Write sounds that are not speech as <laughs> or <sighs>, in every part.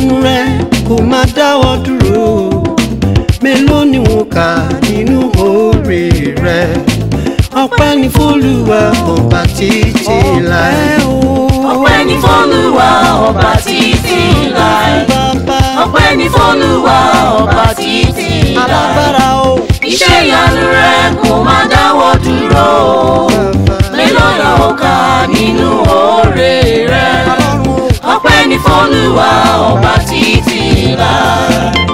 ẹnu rẹ kò má dáwọ́ dúró mélòó ni wọn kà nínú oore rẹ ọpẹ́ ni f'Olúwa ọba títí láì. ọpẹ́ ni f'Olúwa ọba títí láì. ọpẹ́ ni f'Olúwa ọba títí láì. iṣẹ́ ìyanu rẹ kò má dáwọ́ dúró mélòó ni wọn kà nínú oore rẹ ni fọ́lùwà ọba títí láà.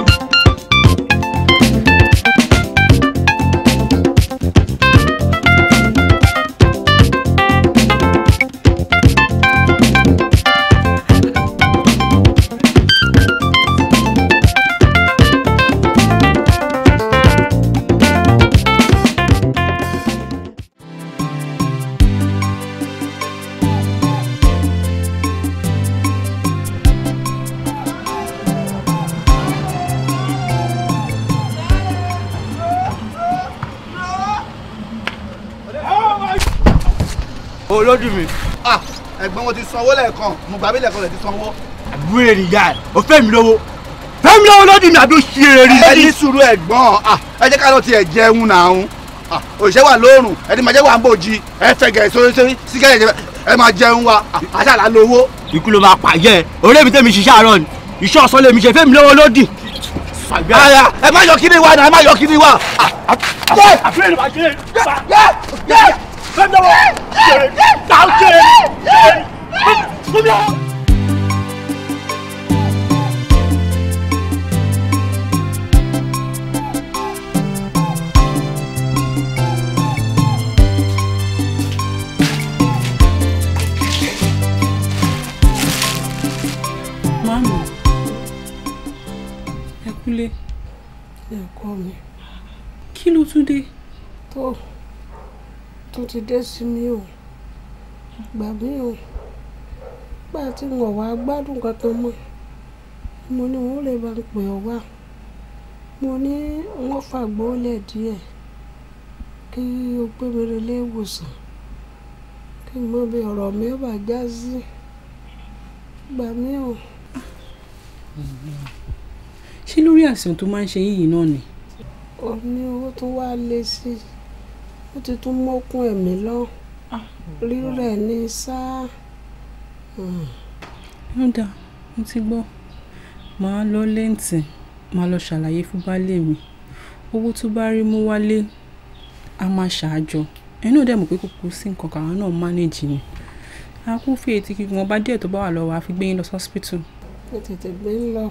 mo gba abẹ́lẹ̀ kọlẹ̀ ti sanwó. àbúrò èrì ya o fẹ́ mi lówó fẹ́ mi lówó lọ́dún mi àbí o ṣe èrì. ẹ ní sùúrù ẹ̀gbọ́n ẹ jẹ́ ká lọ tiẹ̀ jẹun nàún òṣìṣẹ́ wà lóòrùn ẹni máa jẹ́ wà ń bò jí ẹ fẹ́ gẹ̀ sórí sígẹ́rẹ̀ jẹ ẹ máa jẹun wa àṣàlà lówó. ikú ló máa pààyẹ orí èmi tẹ́mi ṣiṣẹ́ àárọ̀ ni iṣẹ́ ọ̀sán lèmi ṣe fẹ́mi lówó lódì. àyà ẹ má yọ kiri wa náà ẹ má yọ kiri wa. Kom Tó, ti dé sí mi o. Gbà mí o nígbà tí n wá gbádùn kankan mọ́ mo ní wọn ò lè bá ń pè ọ́ wá mo ní wọ́n fàgbó lẹ̀ díẹ̀ kí o gbé mi rè léwòsàn kí n mọ bí mi ó já sí gbà mí o. ṣé lórí àìsàn tó máa ń ṣe yìí náà ni. ó ní owó tó wá lé sí i ó ti tún mọ́kún ẹ̀mí lọ ah. rírẹ̀ ní sáà ó dáa mo ti gbọ́ màá lọ lẹ́ǹtì màá lọ ṣàlàyé fún baálé mi owó tó bá rí mú wálé a máa ṣàájọ ẹ̀yin náà dẹ̀ mọ̀ pé kókó sí nǹkan kan àwọn náà mánéèjì ni akúfẹ́ etí kíkún ọba díẹ̀ tó bá wà lọ́wọ́ àfi gbẹ́yìn lọ sọ́sìpítù. ó tètè gbé ń lọ.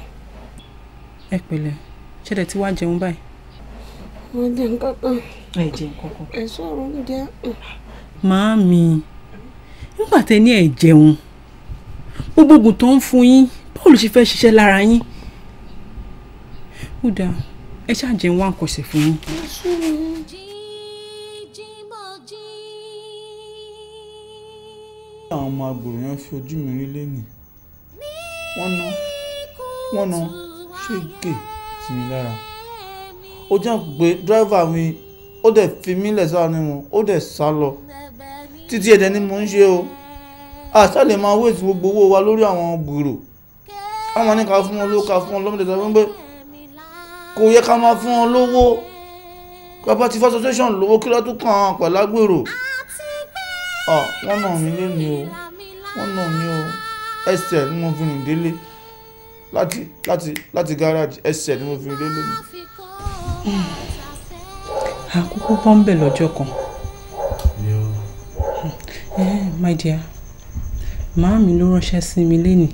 ẹ pẹ̀lẹ́ ṣẹlẹ̀ tí wàá jẹun báyìí. mo jẹ nǹkan kan. ẹ jẹ nǹkan kan. ẹ sọ̀rọ̀ oúnjẹ. màámi nígbà tẹ ní ẹ jẹun gbogbo oògùn tó ń fún yín báwo ló ṣe fẹ́ ṣiṣẹ́ lára yín ó dáa ẹ ṣáàjẹ́ wá nǹkan ṣe fún yín. àwọn ọmọ agbòrò yẹn fi ojú mi rí lẹ́nu wọ́n ná wọ́n ná ṣé gè sí mi lára ó jẹ́ pé dírẹ́fà mi ó dẹ̀ fi mí lẹ̀ sára nínú ó dẹ̀ sá lọ títí ẹ̀dẹ̀ ni mò ń ṣe o àṣàlẹ̀ máa wéèsì gbogbo owó wa lórí àwọn gbòòrò àwọn ní ká fún wọn ló ká fún wọn lọ́mọdé sọ pé kò yẹ ká máa fún wọn lówó property association lówó kí ló tún kàn án pẹ̀lú agbèrò wọ́n nà mí lónìí o wọ́n nà mí o ẹsẹ̀ ni mo fi rìn délé láti láti láti gáràjì ẹsẹ̀ ni mo fi rìn délé. àkókò pọ́ńbẹ̀ lọ́jọ́ kan. Eh, my dear màámi ló ránṣẹ́ sí mi lénìí.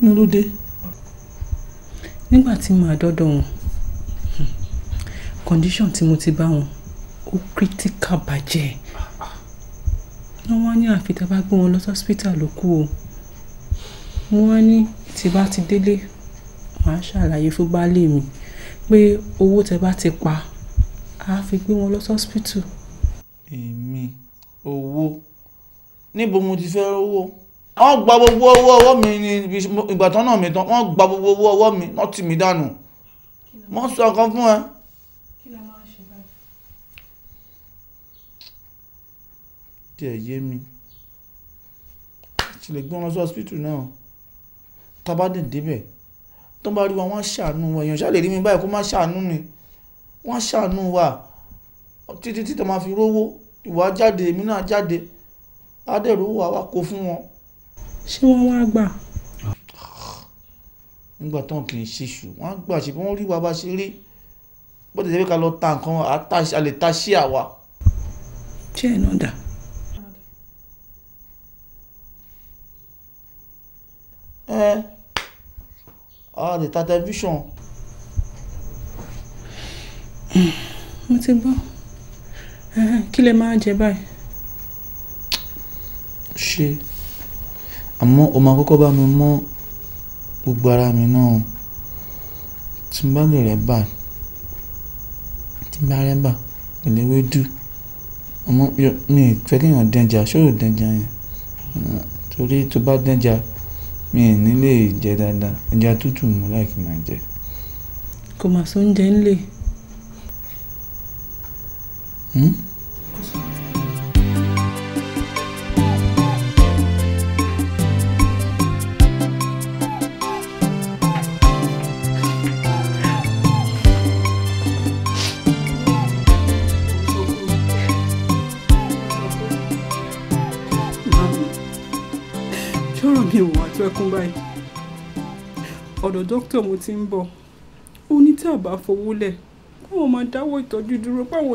inú ló dé. nígbà tí màá dọ́dọ̀ wọn condition tí mo ti bá wọn ó critical bàjẹ́ wọ́n wá ní àfi tá a bá gbé wọn lọ sí hospital ló kù o mo wá ní tí bá ti délé màá ṣàlàyé fún baálé mi pé owó tẹ bá ti pa á fi gbé wọn lọ sí hospital. èmi owó níbo mo ti fẹ́ rówó wọ́n gba gbogbo owó ọwọ́ mi ní ìgbàtán náà mi tán wọ́n gba gbogbo owó ọwọ́ mi wọ́n tì mí dànù wọ́n sọ nǹkan fún ẹ díẹ̀ yé mi ṣe lè gbé wọn lọ sí hospital náà tábà dè débẹ̀ tó bá rí wa wọ́n ṣàánú wa èèyàn ṣáà lè rí mi báyìí kó má ṣàánú ni wọ́n ṣàánú wa títí títí tó máa fi rówó ìwà jáde èmi náà jáde adẹ́rù wà wá kó fún wọn ṣé wọ́n wá gbà. nígbà táwọn kì í ṣe ṣù wọ́n á gbà ṣe bí wọ́n rí wa bá ṣe rí bó tẹ̀sẹ̀ pé ká lọ ta nǹkan a lè ta ṣí àwa. ṣé ẹ̀ náà dà. a lè ta tẹlifíṣàn. mo ti gbọ́ kí lè máa jẹ báyìí. ṣe àmọ́ o máa kọ́kọ́ bá mi mọ́ gbogbo ara mi náà tí n bá lè rẹ́ bà tí n bá rẹ́ bà pẹ̀lú ewédú àmọ́ mi fẹ́ kéèyàn dẹ́njà ṣòro dẹ́njà yẹn torí tó bá dẹ́njà mi ì ní lè jẹ dáadáa ẹja tútù mú láìkí máa jẹ. kò mà sóúnjẹ ńlẹ̀. Hmm? ẹkún báyìí ọ̀dọ̀ dókítà mo ti ń bọ̀ ó ní tí àbá fowó lẹ̀ káwọn máa dáwọ́ ìtọ́jú dúró páwọn ò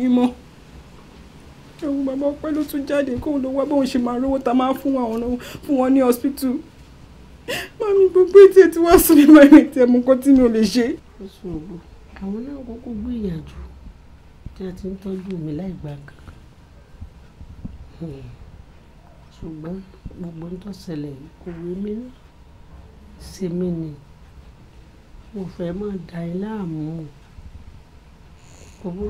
yín mọ́ ẹ̀wù bàbá ọpẹ́ ló tún jáde kóun ló wá bóun ṣe máa rówó ta máa fún àwọn fún wọn ní hospital mami gbogbo ètò ètò wá sórí mami ètò ẹ̀mú kan tí mi ò lè ṣe. àwọn náà kọ́kọ́ gbìyànjú tí a ti ń tọ́jú mi láì gbà ṣùgbọ́n gbogbo ohun tó ṣẹlẹ̀ kò wé mi ṣe mí ni mo fẹ́ máa da ẹ láàmú owó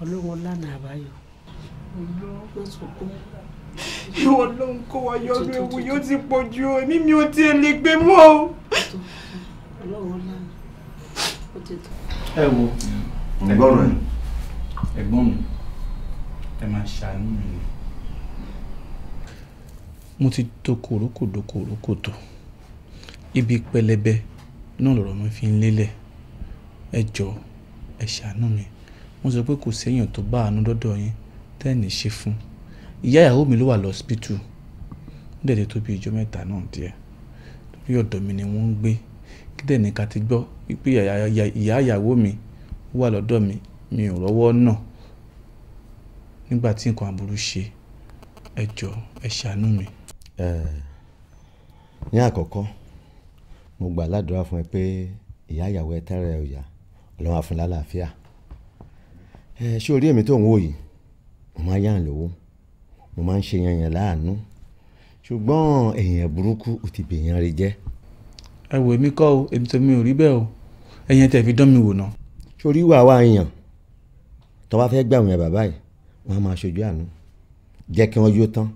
ọlọ́run lánàá àbáyọ má sunkún. ìwọ ọlọ́run kó wa yọ ọdún ewu yóò ti pọ̀ ju èmi mi ò tiẹ̀ lè gbé mọ́ o. ẹ wo ẹ̀gbọ́n rẹ ẹ̀gbọ́n mi ẹ máa ṣàánú mi ni mo ti dokòrókò dokòrókò tó ibi pẹlẹbẹ náà lọ̀rọ̀ mi fi ń lélẹ̀ ẹ jọ ẹ ṣàánú mi mo sọ pé kò séèyàn tó bá àánú dọ́dọ̀ yín tẹ́ẹ̀nì ṣe fún ìyá ìyàwó mi ló wà lọ́sibítù ó dẹ̀ lè tó bí ijọ́ mẹ́ta náà díẹ̀ torí ọ̀dọ̀ mi ni wọ́n ń gbé kí dẹ̀ ní ká ti gbọ́ pé ìyá ìyàwó mi wà lọ́dọ̀ mi mi ò rọ́wọ́ náà nígbà tí nǹkan aburú ṣe ẹ ẹ ṣàánú mi Eh, ní àkọ́kọ́ mo gbà ládùúrà fún ẹ pé ìyá ìyàwó ẹ tẹ́rẹ̀ ẹ̀ òyà ọlọ́run á fún lálàáfíà eh, ṣé orí èmi tó ń wò yìí mo máa yàn lówó mo máa ń ṣe yan yàn láàánú ṣùgbọ́n èèyàn burúkú ò ti bèèyàn rẹ jẹ́. ẹ wò èmi kọ́ o èmi tó mi ò rí bẹ́ẹ̀ o ẹ̀yìn tẹ̀ fi dán mi wò náà. sórí ìwà wa èèyàn tó bá fẹ́ gbàwọ̀n ẹ̀ bàbá yìí wọ́n á máa ṣojú àánú jẹ́ kí wọ́n yó tán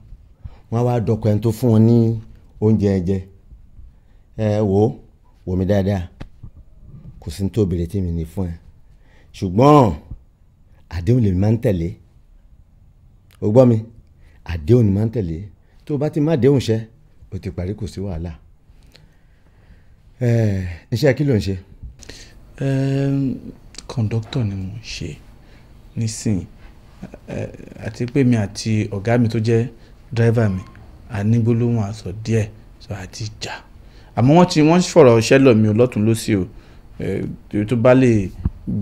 wọ́n wá dọ̀kọ̀ ẹni tó fún wọn ní oúnjẹ ẹ̀jẹ̀ ẹ wò ó wò mí dáadáa kò sí ní tó béèrè tí mi ní fún ẹ ṣùgbọ́n àdéhùn lèmi máa ń tẹ̀lé o gbọ́ mi àdéhùn ni máa ń tẹ̀lé tó o bá ti má déhùn ṣẹ o ti parí kò sí wàhálà iṣẹ́ kí ló ń ṣe. kọ̀ǹdọ́tọ̀ ni mo ń ṣe nísìnyí àti pé mi àti ọ̀gá mi tó jẹ́ dírẹ́fà mi a ní gbólóhùn àsọ díẹ̀ sọ àti jà àmọ́ wọ́n ti wọ́n fọ̀rọ̀ ṣẹ́ lọ̀ mí o lọ́tún lọ́sì o tó bá lè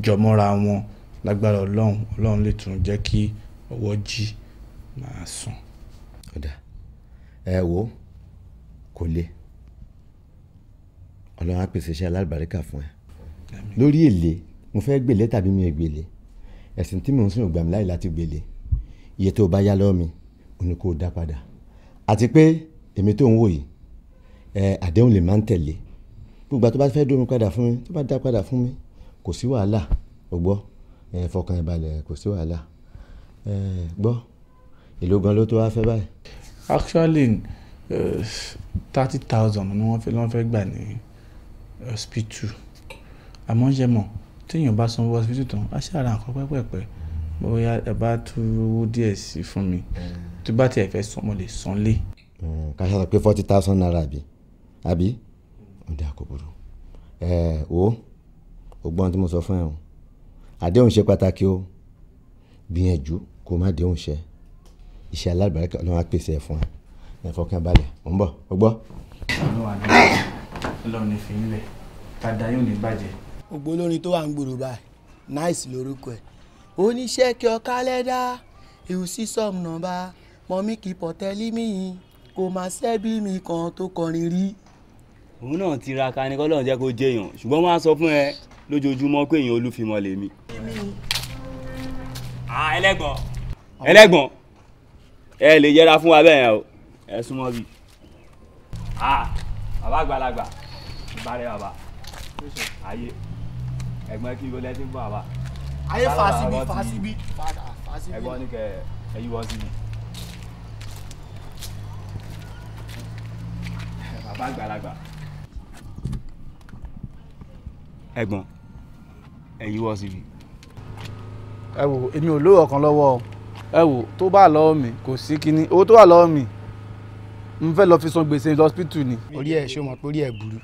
jọmọ́ra wọn lágbára ọlọ́run ọlọ́run lè tún jẹ́ kí ọwọ́ jí máa sùn. ọ̀dà ẹ wo kò le ọlọ́run á pèsè iṣẹ́ alábàríkà fún ẹ lórí èlé mo fẹ́ gbèlé tàbí mi ò gbèlé ẹ̀sìn tí mò ń sìn ò gbà mí láì láti gbèlé iye tó o bá yá lọ́wọ́ mi ó ní kó o dá padà àti pé èmi tó ń wò yìí àdéhùn lè máa ń tẹ̀lé gbogbo àti tó bá fẹ́ dómi padà fún mi tó bá dá padà fún mi kò sí wàhálà o gbọ́ fọkàn ẹ̀ balẹ̀ kò sí wàhálà gbọ́ èló gan ló tó wá fẹ́ báyìí. actually thirty thousand ni wọ́n fẹ́ lọ́n fẹ́ gbà ní hospital àmọ́ ṣe mọ̀ téèyàn bá sanwó hospital tán á ṣe àrà nǹkan pẹ́pẹ́pẹ́ bóyá ẹ bá tú owó díẹ̀ sí fún mi tó bá tiẹ̀ fẹ́ san lè san lé. Eh, ká ṣe sọ pé forty thousand naira àbí àbí ó dé àkókò ẹ o ò gbọ́n tí mo sọ fún ẹ o àdéhùn ṣe pàtàkì o gbìyànjú kó má déhùn ṣe iṣẹ́ alábàárẹ́kẹ́ ọlọ́run á pèsè ẹ̀ fún ẹ ẹ̀fọ́kàn balẹ̀ mò ń bọ̀ ó gbọ́. ọlọ́run ní fi yín lẹ̀ kàdá yóò ní bàjẹ́. ògbó olórin tó wà ń gbòòrò báyìí nice lórúkọ ẹ̀ oníṣẹ́ kí ọ kálẹ́dá ìhùsí sọ̀mù náà bá mọ̀mí kì í pọ̀ tẹ́lí mi yìí kò má sẹ́bí mi kan tó kọrin rí. òun náà tiraka ni kọ́lọ́run jẹ́ kó jẹyàn ṣùgbọ́n wọ́n á sọ fún ẹ lójoojúmọ́ pé èèyàn olúfimọ́ lèmi. ẹlẹ́gbọ̀n ẹlẹ́gbọ̀n ẹ lè yẹra fún wa bẹ́ẹ̀ yẹn o ẹ súnmọ́ bí. bàbá àgbàlagbà ìbárẹ̀ bàbá ayé ẹ̀gbọ́n kí wọlé ti ń bọ̀ bàbá. ayé fàásìbí fàásìbí fàásìbí. ẹ̀gbọ́n ní kẹ ẹ yí síbi. bàbá àgbàlagbà. ẹ̀gbọ́n ẹ yíwọ́ síbi. ẹ wò èmi ò lówó ọkàn lọ́wọ́ o ẹ wò tó bá lọ́wọ́ mi kò sí kinní owó tó wà lọ́wọ́ mi n fẹ́ lọ fi san gbèsè lọ́sítù ni. orí ẹ̀ ṣó mọ̀ pé orí ẹ̀ burú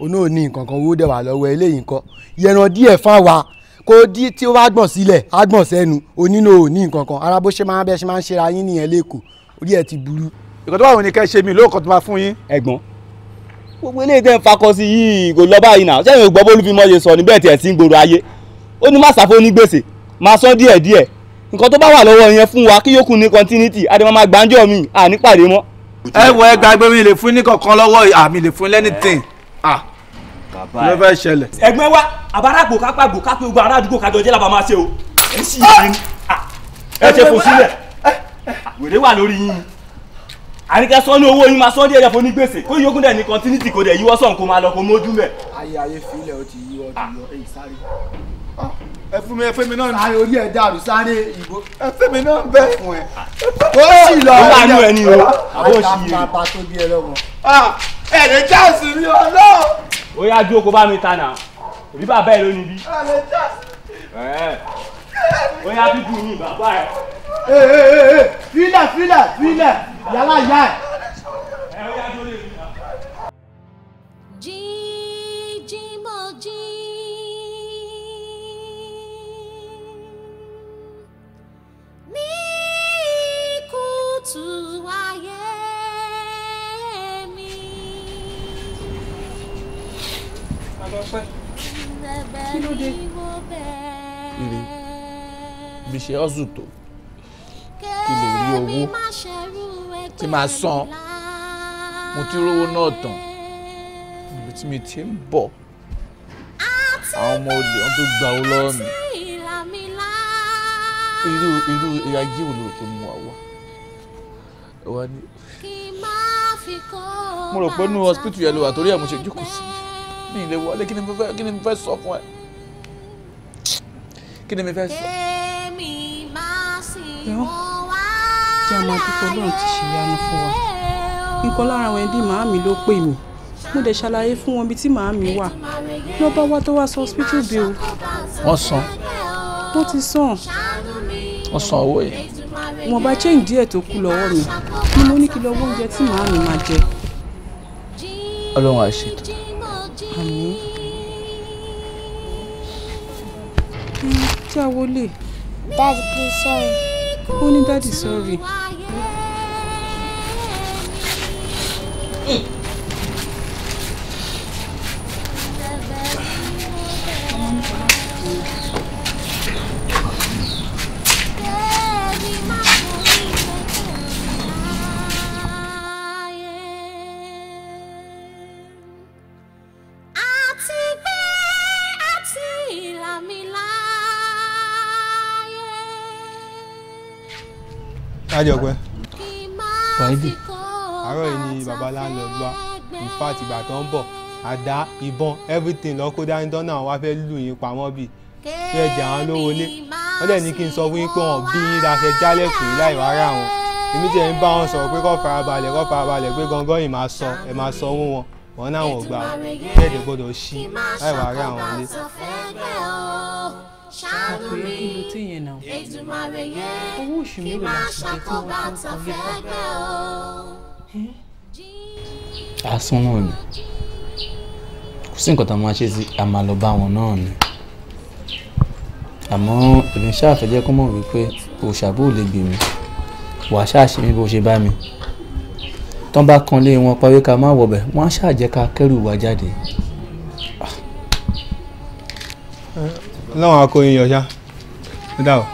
oní òní nǹkan kan owó dẹ̀ wà lọ́wọ́ eléyìí nǹkan yẹran díẹ̀ fáwa kó dí tí ó bá gbọ̀n sílẹ̀ á gbọ̀n sẹ́nu onínú òní nǹkan kan ara bó ṣe máa bẹ́ ṣe máa ń ṣe ra yín nìyẹn lẹ́kọ̀ọ́ orí ẹ̀ ti burú. ìkọ́tọ́ báwo ni ṣe mí lóòkàn tó máa fún yín. ẹ̀gbọ́n gbogbo eléyìí tẹ́ ń fakọ sí yìí kò lọ báyìí náà sẹ́yìn ògbọ́ bólú fi mọ́ ṣe sọ níbẹ̀ tiẹ̀ sí gbòòrò ayé ó ní má ṣàfó ní gbèsè máa san díẹ̀ díẹ̀ nǹkan tó bá wà lọ́wọ́ yẹn fún wa kí yókù ní continuity àdèmọ́ máa gbàǹjọ́ mi à ní pàdé mọ́. ẹ wọ ẹ gbàgbé mi lè fún ní kankan lọ́wọ́ àmì lè fún lẹ́nìtìn ló fẹ́ ṣẹlẹ̀. ẹgbẹ́ wa àbáràgbò kápàgbò kápẹ́ gbogbo ará àdúgbò kájọ jẹ́ làbá máa ṣe o. ẹ ṣe fò sílẹ̀ wèrè wà lórí yín àríkẹ́ sọ ní owó yín máa sọ ní ẹ̀yà fún onígbèsè kó yókùn dẹ̀ ní continuity kò dẹ̀ yíwọ́ sọ̀n kó máa lọ kó mójú mẹ́. ayé ayé filẹ̀ o ti yíwọ́ ti yọ ah. èyí sáré. Ah, ẹ fún mi ẹ fún mi náà. sáré orí ẹ dàrú sáré ìbò. ẹ fún mi náà bẹ́ẹ̀ fún ẹ. Ah. ó sì lọ ẹ lánàá ẹni o àbó sì yé. àbá tó ọlọ́. ó yá ó yá bíbú yín bàbá ẹ. filẹ̀ filẹ̀ filẹ̀ yàrá yá ẹ. Kí ló dé? Ire fi ṣe ọ́sù tó kí lè rí owó tí màá san mo ti rówó náà tán ibi tí mi ti ń bọ̀ àwọn ọmọ olè wọn tó gba owó lọ́wọ́ mi irú irú ayé wo ló kí mu wá wá ní mo rò pé inú hospital yẹn ló wà torí ẹ̀ mo ṣe jókòó sí mi ìlẹ̀ wọlé kí ni mo fẹ́ sọ fún ẹ kí ni mo fẹ́ sọ ẹ̀wọ̀n jẹ́ àmọ́ àdúgbò Ọlọ́run ti ṣèyanu fún wa nǹkan lára àwọn ẹbí màámi ló pè mí mo dẹ̀ ṣàlàyé fún wọn ibi tí màámi wà ló bá wá tó wá san hospital bill. wọ́n san. wọ́n ti san. wọ́n san owó yẹn. mo bá change díẹ̀ tó kù lọ́wọ́ mi ni mo ní kí lọ́wọ́ oúnjẹ tí màámi máa jẹ. Ọlọ́run á ṣètò. àmín. tí a wọlé. Daddy, please sorry. Only that is sorry. lájọpẹ́ kọ́ńdì àárọ̀ yìí ni babalá lọ gbà ìfà àtìgbà tó ń bọ̀ àdá ìbọn everything lọ́kó dání tán náà wá lù yín pamọ́ bíi bí ẹ̀jẹ̀ àwọn ló wọlé wọ́n dẹ̀ ní kí n sọ fún yín pé wọ́n bí yín láṣẹ jálẹ̀kùn láì wá wọn èmi tiẹ̀ ń bá wọn sọ̀rọ̀ pé kó farabalẹ̀ kó farabalẹ̀ pé gangan yìí máa sọ ẹ̀ máa sọ wọn wọn náà wọn gbà bẹ́ẹ̀ dẹ̀ gbọ́dọ̀ ṣí láì wá wọn lé ṣàánú mi Èdùmàrè yẹn kí máa ṣàkóbá tàfẹ́gbẹ́ o. asán náà ni kò sí nǹkan tá máa ṣe sí a wọn náà ni àmọ́ èmi ṣáà fẹ́ kó mọ̀ wípé òṣàbò lè gbè mí wàá ṣáà ṣe mí bó ṣe bá mi tán bá kan lé wọn parí ká má wọbẹ̀ wọ́n á ṣáà jẹ́ ká kẹ́rù wá jáde. láwọn akóyin yọ ṣá ó dà o.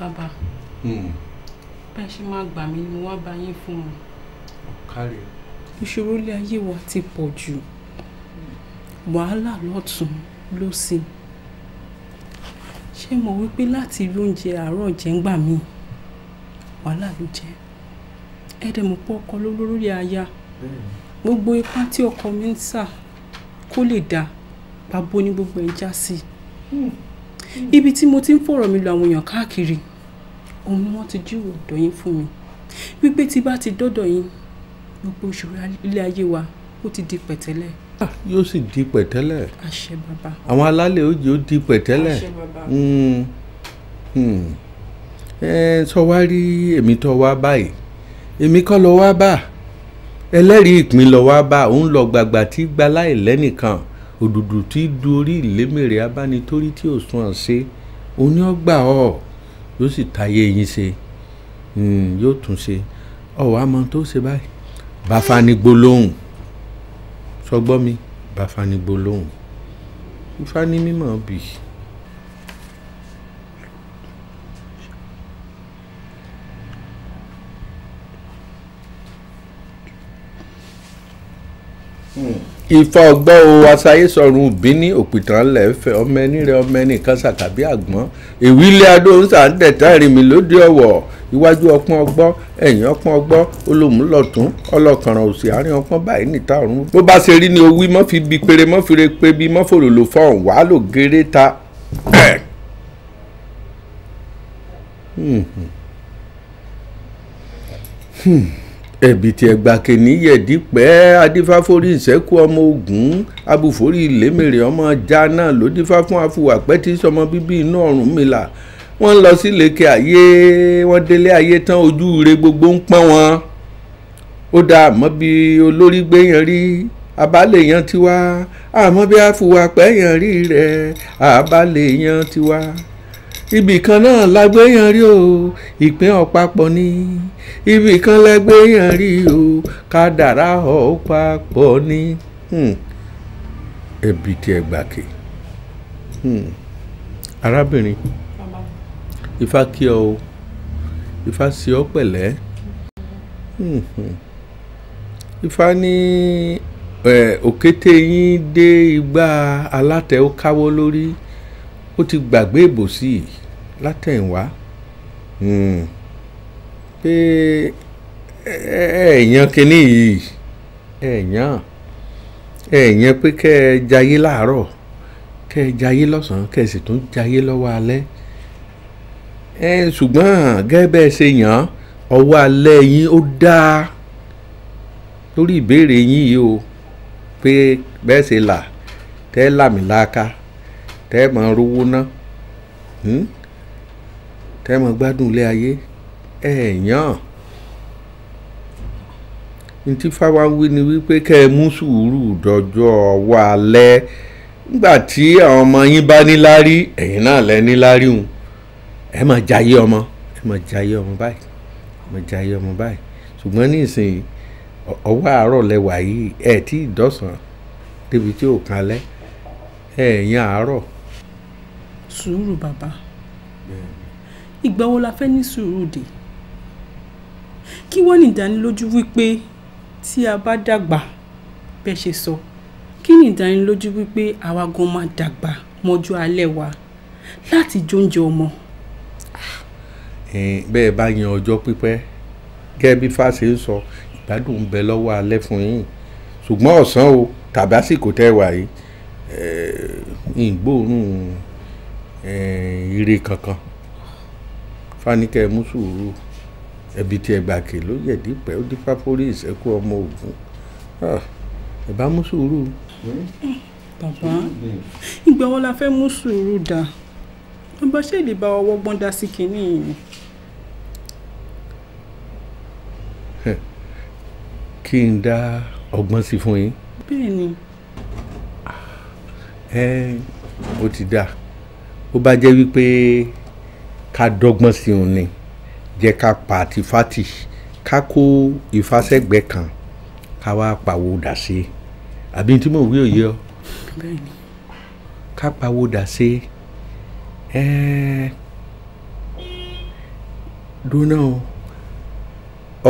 bàbá hmm. bẹ́ẹ̀ ṣe máa gbà mí ni mo wá bá yín fún un. ọ̀kárẹ̀. ìṣòro ilé ayé wa ti pọ̀ jù wàhálà lọ́tún lósì ṣé mo wípé láti rí oúnjẹ àárọ̀ jẹ́ ń gbà mí wàhálà ló jẹ́ ẹ dẹ̀ mọ̀ pọ̀ ọkọ lórí aya gbogbo ipá tí ọkọ mi ń sà kó lè dá pàbó ní gbogbo ẹ̀ já sí hmm. ibi tí mo ti ń fọ̀rọ̀ mi lọ àwọn èèyàn káàkiri òun ni wọ́n ti júwò dọ̀yìn fún mi wípé tí bá ti dọ́dọ̀ yín gbogbo ìṣòro ilé ayé wa ó ti di pẹ̀tẹ́lẹ̀. Ah, yóò sì di pẹ̀tẹ́lẹ̀. àwọn alálẹ̀ òjì ó di pẹ̀tẹ́lẹ̀. Hmm. Hmm. ẹ sọ wá rí èmi tó wá báyìí èmi kọ́ lọ wá bá ẹlẹ́rìí ìpín lọ wá bá òun lọ gbàgbà tí gbaláì lẹ́nìkan òdùdù tí du orí ìlémèrè abánitórí tí ò sun àṣẹ oní ọgbà ọ yóò sì tayé yín ṣe hmm, yóò tún ṣe ọwọ́ àmọ́ tó ṣe báyìí bàfà sọgbọ́n mi bàfà ni bì í. ìfà ọgbọ́n o aṣayé sọ̀rùn bíní òpìtàn lẹ́fẹ̀ ọmọ ẹni rẹ ọmọ ẹni kan ṣàkàbí àgbọ̀n èwì ilé adó ń sàǹdẹ̀tà ìrìnmi lóde ọ̀wọ̀ iwájú ọpọ́n ọgbọ́n ẹ̀yìn ọpọ́n ọgbọ́n olómùlọ̀tún ọlọ́kànràn òsì àárín ọpọ́n báyìí níta ọ̀run. bó bá ṣe rí ni owí mọ́ fi bi péré mọ́ fi re pé bí mọ́ fòlòlò fọ́ọ̀n wàá lò géré ta. Hmm. Hmm. hmm ẹ̀bìtì ẹ̀gbàkè níyẹ̀dí pẹ́ adífáforí ìṣẹ́kù ọmọ ogun abùforí ìlémèrè ọmọ ajá náà ló dífá fún afúwà pẹ́tí sọmọ bíbí inú Ọ̀rúnmìlà wọ́n ń lọ sí lèkè ayé wọ́n délé ayé tán ojú ire gbogbo ń pọ́n wọn ó dá àmọ́ bí olórí gbéyàn rí abálẹ̀ yan tiwa àmọ́ bí afúwà pẹ́yàn rí rẹ̀ abálẹ̀ yan tiwa ibì kan náà la gbé yan rí o ìpín ọ̀pápọ̀ ni ibì kan la gbé yan rí o kádàrá ọ̀pápọ̀ ni ẹ̀bìtì hmm. ẹ̀gbàkè hmm. arábìnrin ifá kí ọ o ifá sí ọ pẹ̀lẹ́ hmm. ifá ní òkété yín dé igbá alátẹ̀ ó káwọ́ lórí ó ti gbàgbé ìbòsí yìí látẹ̀yìnwá hmm. pé ẹ̀yàn kínní yìí ẹ̀yàn ẹ̀yàn pé kẹ́ ẹ jayé láàárọ̀ kẹ́ ẹ jayé lọ́sàn-án kẹ́ ẹ sì tún jayé lọ́wọ́ alẹ́ ẹ ṣùgbọ́n gẹ́gẹ́ bẹ́ẹ̀ ṣe yàn ọwọ́ alẹ́ yín ó dáa lórí ìbéèrè yín yìí o pé bẹ́ẹ̀ ṣe là tẹ́ lámìláaka tẹ́ mọ̀ rówó ná. Hmm? tẹ́ mọ̀ gbádùn ilé ayé ẹ̀ yàn ntí fáwa wí ni wípé kẹ́ ẹ mú sùúrù dọjọ́ ọwọ́ alẹ́ nígbà tí àwọn ọmọ yín bá níláárí ẹ̀yin náà lẹ níláárí hùn ẹ máa jayé ọmọ ẹ máa jayé ọmọ báyìí ẹ máa jayé ọmọ báyìí ṣùgbọ́n ní ìsìn ọwọ́ àárọ̀ lẹwà yìí ẹ tí ì dọ̀sán débi tí ò kan alẹ́ ẹ̀yin àárọ̀. sùúrù bàbá ìgbà wo la fẹ́ ní sùúrù dé kí wọ́n ní ìdánilójú wípé tí a bá dàgbà bẹ́ẹ̀ ṣe sọ kí ní ìdánilójú wípé àwa gan máa dàgbà mọ́jú alẹ́ wa láti jóúnjẹ ọmọ. bẹ́ẹ̀ bá yan ọjọ́ pípẹ́ gẹ́gẹ́ bí fáṣe ń sọ ìgbádùn ń bẹ lọ́wọ́ alẹ́ fún yín ṣùgbọ́n ọ̀sán o tàbí àsìkò tẹ́ wà yìí ìgbóòórùn ire kankan fanikẹ́ mú sùúrù ẹbí tí ẹ gbà kè ló yẹ̀dí pẹ́ ó dípá forí ìṣẹ́kù ọmọ ògún ah, ẹ bá mú sùúrù. bàbá ìgbà wo la fẹ́ mú sùúrù dá bàbá ṣe lè bá ọwọ́ gbọ́n dá sí kínní yìí. kí n dá ọgbọ́n sí fún yín. bẹ́ẹ̀ni. ẹ ó ti dáa ó bá jẹ́ wípé ká dọ́gbọ́n sí òun ni jẹ́ ká pa àtifátì ká kó ìfàsẹ́gbẹ́ kan ká wá pawó dà sí àbí tí mò ń wí òye ọ ká pawó dà sí dúnà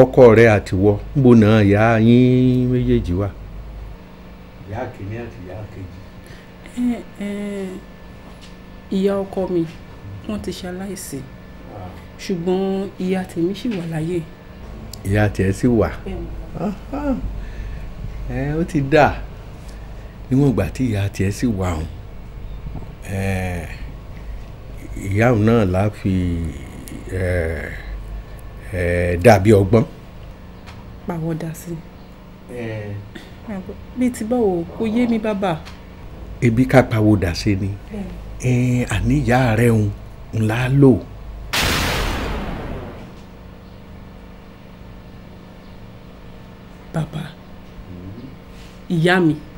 ọkọ rẹ àtiwọ níbo náà yá yín méjèèjì wà. ìyá kìíní àti ìyá kejì. ìyá ọkọ mi wọ́n ti ṣaláìsí ṣùgbọ́n ìyá tèmi ṣì wà láyé. ìyá tiẹ̀ sì wà ẹ ó ti dà níwọ̀n ìgbà tí ìyá tiẹ̀ sì wà ọ̀hún ìyá òun náà la fi dàbí ọgbọ́n. pàwọ́dà sí bí ti báwo kò yé mi bàbá. ebi ká pàwọ́dà sí ni àníyá rẹ̀ ń ńlá lò. bàbá ìyá mi. Mm -hmm.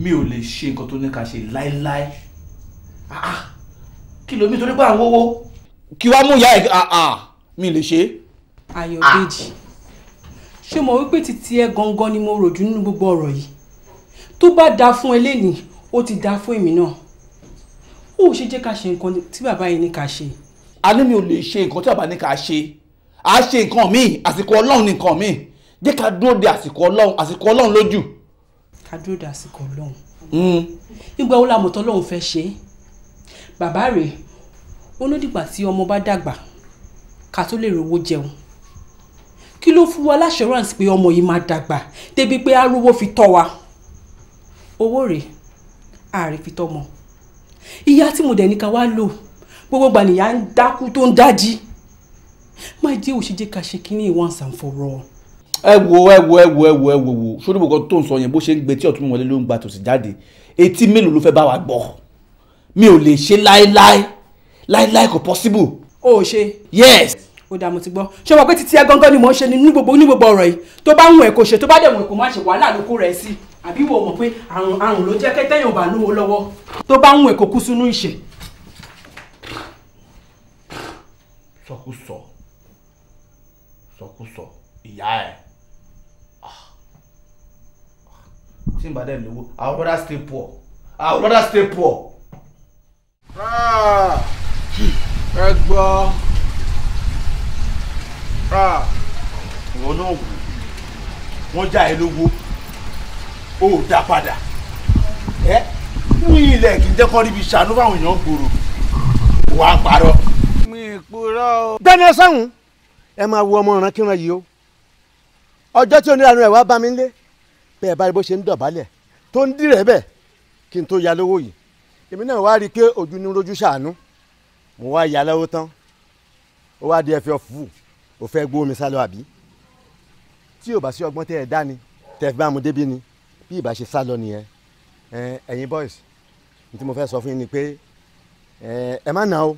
mi ò lè ṣe nǹkan tó ní ká ṣe láéláé ah, ah, kí ló mi torí pé àwọn owó. kí wàá mú ìyá ẹ ah, mi lè ṣe. ayọ̀dèjì ṣé mo wípé títí ẹ gangan ni mo ròjú nínú gbogbo ọ̀rọ̀ yìí tó bá dáa fún eléyìí ó ti dáa fún èmi náà ó ṣe jẹ́ ká ṣe nǹkan tí bàbá yìí ní ká ṣe. a ní mi ò lè ṣe nǹkan tí bàbá ní ká ṣe a ṣe nǹkan míì àsìkò ọlọ́run ní nǹkan míì jẹ́ ká dúró de àsìkò ọlọ́run àsìkò ọlọ́run lójú ká dúró dàsìkò lọ́hùn. Hmm. nígbà wo la mọ̀ tọ́ lọ́hùn fẹ́ ṣe é bàbá rẹ̀ ó ló dìgbà tí ọmọ bá dàgbà ká tó lè rówó jẹun kí ló fún wa láṣẹ̀ránsì pé ọmọ yìí máa dàgbà débi pé arówó fi tọ́ wa owó rèé ààrẹ fi tọ́mọ ìyá tí mo dẹ̀ ní ká wá lò gbogbo gbà nìyá ń dákú tó ń dájí máa jẹ́ òṣèjẹ́ ká ṣe kínní once and for all ẹ wo ẹ wo ẹ wo ẹ wo ẹ wo wo sórí gbogbo tó ń sọ yẹn bó ṣe ń gbé tí ọ̀tún wọlé ló ń gba tòsí jáde etí mélòó ló fẹ́ bá wa gbọ́ mi ò lè ṣe láéláé láéláé kò possible. o ò ṣe. yes. ó dààmú ti gbọ́ ṣé wọ́n pé títí ẹ gangan ni mò ń ṣe ní gbogbo ní gbogbo ọ̀rọ̀ yìí tó bá ń wọ̀ ẹ́ kò ṣe tó bá dẹ̀ wọ̀ ẹ́ kò má ṣe wàhálà ló kó rẹ̀ sí àbí wò mọ̀ pé àrùn àrùn ló jẹ́ kẹ́tẹ́yìn ò bá lówó lọ́wọ́ tó bá ń wọ̀ ẹ́ kò kú sínú ìṣẹ́. sọkúsọ sọkúsọ ìyá ẹ̀. tí n bá dẹ̀ lówó i would rather stay poor i would rather stay poor. ẹ gbọ́ ìwọ náà wò wọ́n já ẹ lówó ó dá padà ẹ ní ilẹ̀ kì í jẹ́ kọ́ níbi ṣàánú fáwọn èèyàn gbòòrò wà á parọ́. mi ìpòrọ̀ o. bẹ́ẹ̀ni ẹ sẹ́hùn ẹ máa wo ọmọ ìrànkíran yìí o ọjọ́ tí onírànú ẹ̀ wá bá mi lé bẹ́ẹ̀ bá rí bó ṣe ń dọ̀bálẹ̀ tó ń dìrẹ̀ bẹ́ẹ̀ kí n tó ya lówó yìí èmi náà wá rí i pé ojú ni rojú ṣàánú mo wá ya lówó tán ó wá di ẹ̀fẹ̀ ọ̀fù ò fẹ́ gbó omi sálọ àbí tí ò bá sí ọgbọ́n tẹ́ ẹ dá ni tẹ́ bá mu débi ni bí ìbá ṣe sálọ nìyẹn ẹ̀yin boys ní tí mo fẹ́ sọ fún yín ni pé ẹ má nà o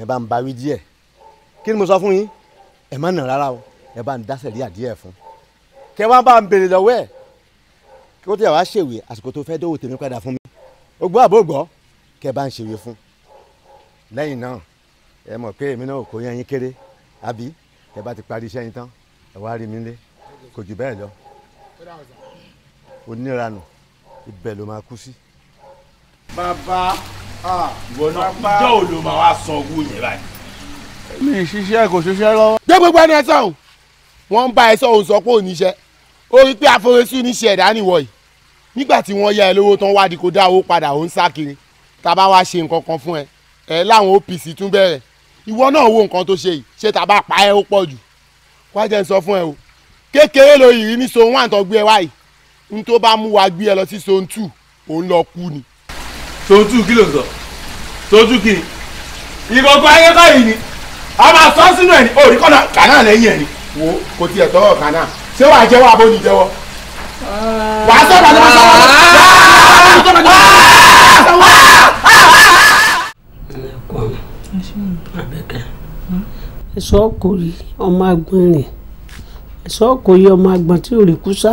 ẹ bá ń bawí díẹ̀ kí ni mo sọ fún yín ẹ má nà rárá o ẹ bá ń dá sẹ̀ríà díẹ̀ fún un kẹ wá bá ń béèrè lọ́wọ́ ẹ̀ kí ó tẹ̀ wá ṣèwé àsìkò tó fẹ́ dówó tèmi padà fún mi ó gbọ́ àbó gbọ́ kẹ bá ń ṣèwé fún lẹ́yìn náà ẹ mọ̀ pé èmi náà kò yẹn yín kéré àbí ẹ bá ti parí iṣẹ́ yín tán ẹ wá rí mi lé kò jù bẹ́ẹ̀ lọ oníranù ibẹ̀ ló máa kú sí. bàbá ah, ah, ìwọ náà ìjọ ò ló máa wá san owó yẹn báyìí. mi ì ṣiṣẹ́ kò ṣiṣẹ́ lọ́wọ́. dé gbogbo ẹni ẹ sọ̀hún wọ́n ń bá ẹ sọ̀hún sọ pé ò ní ó rí pé àforésù níṣẹ́ ẹ̀dá nìwọ yìí nígbà tí wọ́n yá ẹ lówó tán wádìí kó dá owó padà ó ń sá kiri tá a bá wá ṣe nǹkan kan fún ẹ ẹ láwọn OPC tún bẹ̀rẹ̀ ìwọ náà wo nǹkan tó ṣe yìí ṣé tá a bá pa ẹ ó pọ̀ jù wá jẹ́ sọ fún ẹ o kékeré ló yìí ní sohun àǹtọ̀ gbé ẹ wáyìí n tó bá mú wa gbé ẹ lọ sí sohun two òun lọ kú ni. sohun two kí ló sọ sohun two kí ni ìkọ̀kọ̀ ayẹ́kọ̀ yìí ni a máa sọ sínú ẹ̀ ní òrí kọ́nà kànáà lẹ́yìn ẹ̀ ni wo kò tiẹ̀ tọ́wọ́ kànáà ṣé wàá jẹ́wọ́ abó ni jẹ́wọ́ wàá sọ̀rọ̀ àti wàá sọ̀rọ̀ ẹ̀sọ́ ọkùnrin ọmọ agbọ̀n rẹ̀ ẹ̀sọ́ ọkùnrin ọmọ agbọ̀n tí ò rí kú sá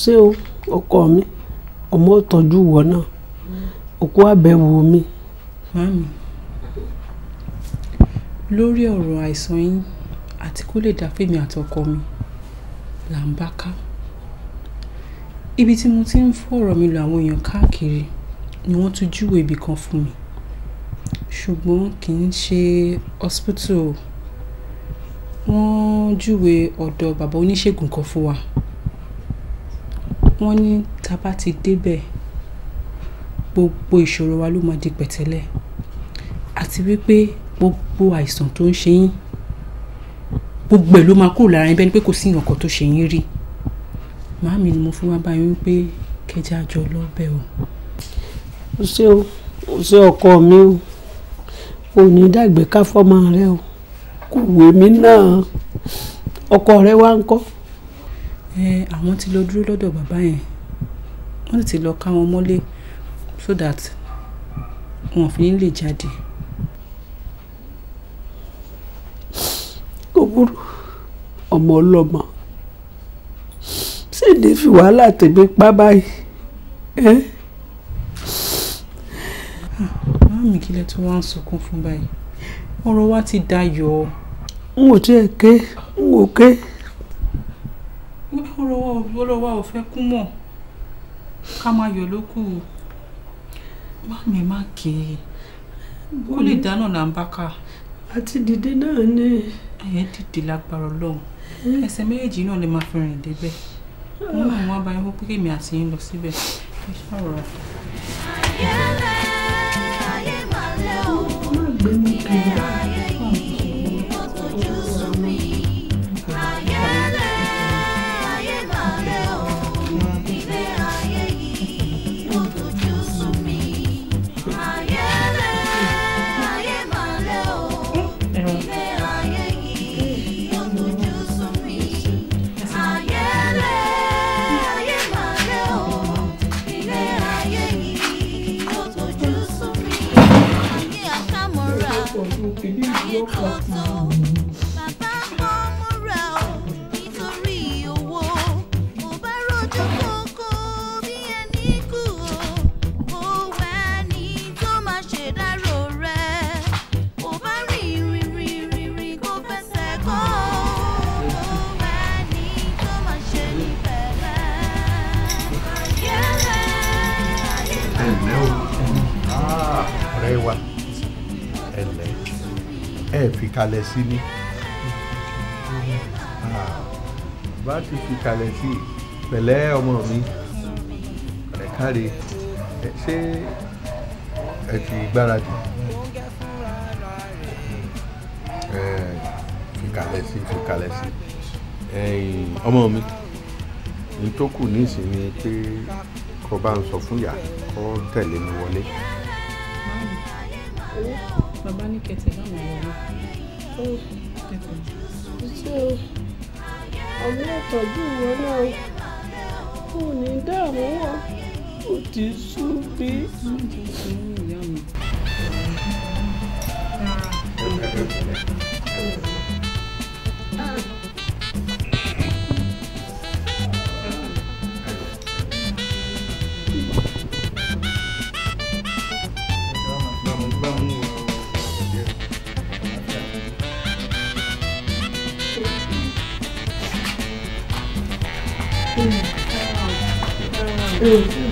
ṣé o ọkọ mi ọmọ ìtọ́jú wọ náà òkú àbẹ̀wò mi. mami lórí ọ̀rọ̀ àìsàn yín àti kó lè dá fèmí àtọkọ mi là ń bá ká ibi tí mo ti ń fọ̀rọ̀ mi lọ àwọn èèyàn káàkiri ni wọ́n tún júwèé ibì kan fún mi ṣùgbọ́n kì í ṣe hospital wọ́n júwèé ọ̀dọ̀ bàbá oníṣègùn kan fún wa wọ́n ní tá bá ti débẹ̀ gbogbo ìṣòro wa ló máa di pẹ̀tẹ́lẹ̀ àti wípé gbogbo àìsàn tó ń ṣe yín gbogbo ẹ̀ ló máa kúrò lára yín bẹ́ẹ̀ ni pé kò sí ìyànkan tó ṣe yín rí màámi ni mo fún wa báyìí wípé kẹjá jọ lọ́bẹ̀ o. o o o ṣe ọkọ mi o ò ní dàgbé ká fọ́mọ rẹ o kò wé mi náà ọkọ rẹ wá ń kọ́. ẹ àwọn ti lọ dúró lọ́dọ̀ bàbá yẹn wọ́n ti lọ ká wọn mọ́lé so that wọn ò fi ní lè jáde. kò burú ọmọ ọlọ́gbọ́n ṣèdè fi wàhálà tèmi pa báyìí ẹ. Ah, màámi kílẹ̀ tó wá ń sunkún fún báyìí ọ̀rọ̀ wa ti dayọ̀ ọ́. n ò tiẹ̀ ké n ò ké. ọ̀rọ̀ wa ò fẹ́ kú mọ́ ká máa yọ̀ ló kù màámi má ké kó lè dáná là ń bá ká. àti dìde náà ni ẹ dìde lágbára Ọlọ́run ẹsẹ̀ méjèèjì náà lè máa fi rìn débẹ̀ wọn náà wọn bá yín wọ́n pé kémi àti yín lọ síbẹ̀ ẹ ṣàrọ̀. kalẹ̀ sí ni bá ti fi kalẹ̀ sí pẹ̀lẹ́ ọmọ mi ẹ káre ẹ ṣé ẹ ti gbáradì ẹ fi kalẹ̀ sí fi kalẹ̀ sí ọmọ mi ní tó kù nísìnyí pé kó bá ń sọ fún yà kó tẹ̀lé mi wọlé. bàbá ní kẹtẹ náà wọlé. tem. Sim. Alguma coisa não. Bonita rua. Vou te subir. 嗯。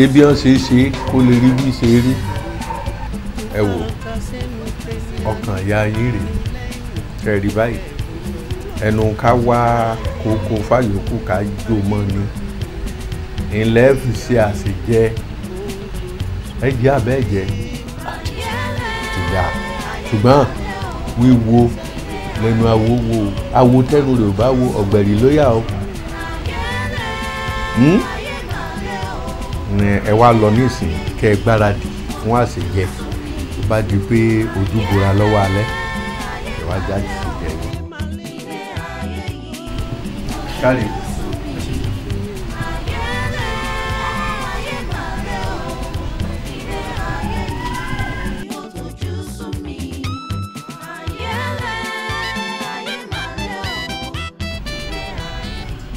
ṣe bí wọ́n ṣe ṣe kó lè rí bí ṣe rí ẹ wò ọkàn ìyá yín rèé ẹ rí báyìí ẹnu ká wá kókó fáyọkù ká jó mọ́ ni ilẹ̀ fi ṣe àṣejẹ ẹ jẹ́ àbẹ́jẹ́ ìyá ṣùgbọ́n wíwo lẹ́nu awo wo awo tẹ́nu rẹ̀ ò bá wo ọ̀gbẹ̀rì ló yà Hmm? ẹ wá lọ nísìnyí kẹ́ ẹ gbáradì fún àṣejẹ tó bá di pé ojú bora lọ́wọ́ alẹ́ ẹ wá jáde ṣèjẹ yìí. kárí.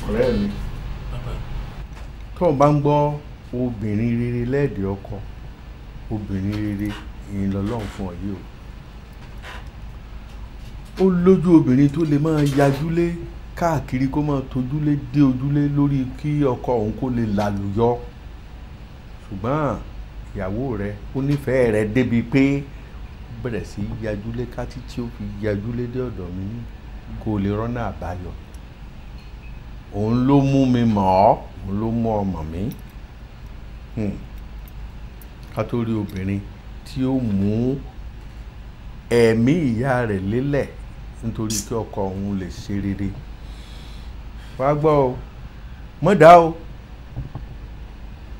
ọ̀rẹ́ mi tóun bá ń gbọ́ obìnrin rere lẹ́ẹ̀dẹ̀ ọkọ obìnrin rere ìyìn lọ́lọ́run fún ọ yìí o ó lójú obìnrin tó lè máa yajúlé káàkiri kó máa tojúlé dé ojúlé lórí kí ọkọ òun kó lè làlùyọ ṣùgbọ́n ìyàwó rẹ ó nífẹ̀ẹ́ rẹ débi pé bẹ̀rẹ̀ sí yajúlé kátí tí ó fi yajúlé dé ọ̀dọ̀ mi kó lè rọ́nà àbáyọ òun ló mú mi mọ̀ ọ́ òun ló mú ọmọ mi. ká tó rí obìnrin tí ó mú ẹ̀mí ìyá rẹ̀ lélẹ̀ nítorí kí ọkọ òun lè ṣe rere wá gbọ́ o mọ̀dá o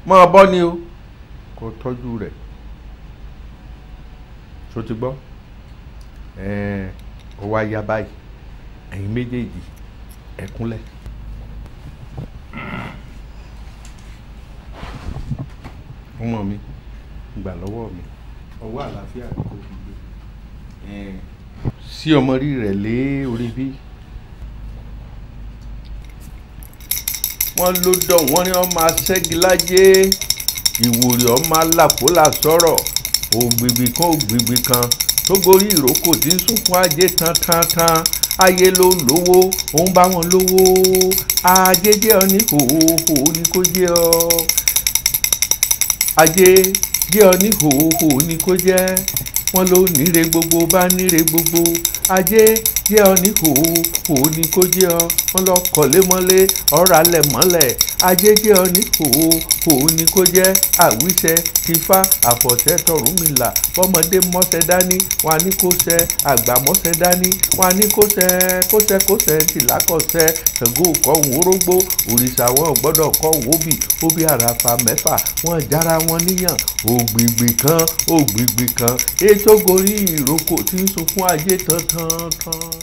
mọ̀ bọ́ ni o kò tọ́jú rẹ̀ tó ti gbọ́ ẹ̀ẹ́n ó wá ya báyìí ẹ̀yin ọmọ mi gbà lọ́wọ́ mi ọwọ́ àlàáfíà kò fi gbé sí ọmọ rí rẹ̀ lé orí bí. wọ́n ló dán wọ́n ní ọmọ aṣẹ́gi lájẹ́ ìwòrè ọmọ alákòólà sọ̀rọ̀ ògbìgbì kan ògbìgbì kan tó gorí ìrókò tí ń sunkún ajé tán tán tán ayé ló lówó òun bá wọn lówó ajé jẹ́ ọ ní hòhòhò ní kó jẹ́ ọ ayé yé ọ ní hòóhò ni kó jẹ́ wọ́n ló níre gbogbo bá níre gbogbo ajé jẹ́ ọ ní hòó hòó ni kó jẹ́ ọ wọn lọ kọ̀lémọ́lé ọ̀rọ̀ alẹ̀ mọ́lẹ̀ ajé jẹ́ ọ ní hòó hòó ni kó jẹ́ àwíṣẹ tìfá àfọ̀ṣẹ tọ̀rúnmìlà bọ́mọdé mọ́ṣẹ dání wọn ní kó ṣẹ àgbà mọ́ṣẹ dání wọn ní kó ṣẹ kó ṣẹ kó ṣẹ tìlákọ̀ṣẹ ṣàngó kọ̀hún orógbó òrìṣà wọn gbọ́dọ̀ kọ̀hún òbí òbí àràfà mẹ́fà wọn jára wọn níyàn ògbìgbì kan ògbìgbì kan ètò gorí ìrókò tí ń sunkún ajé tán tán tán.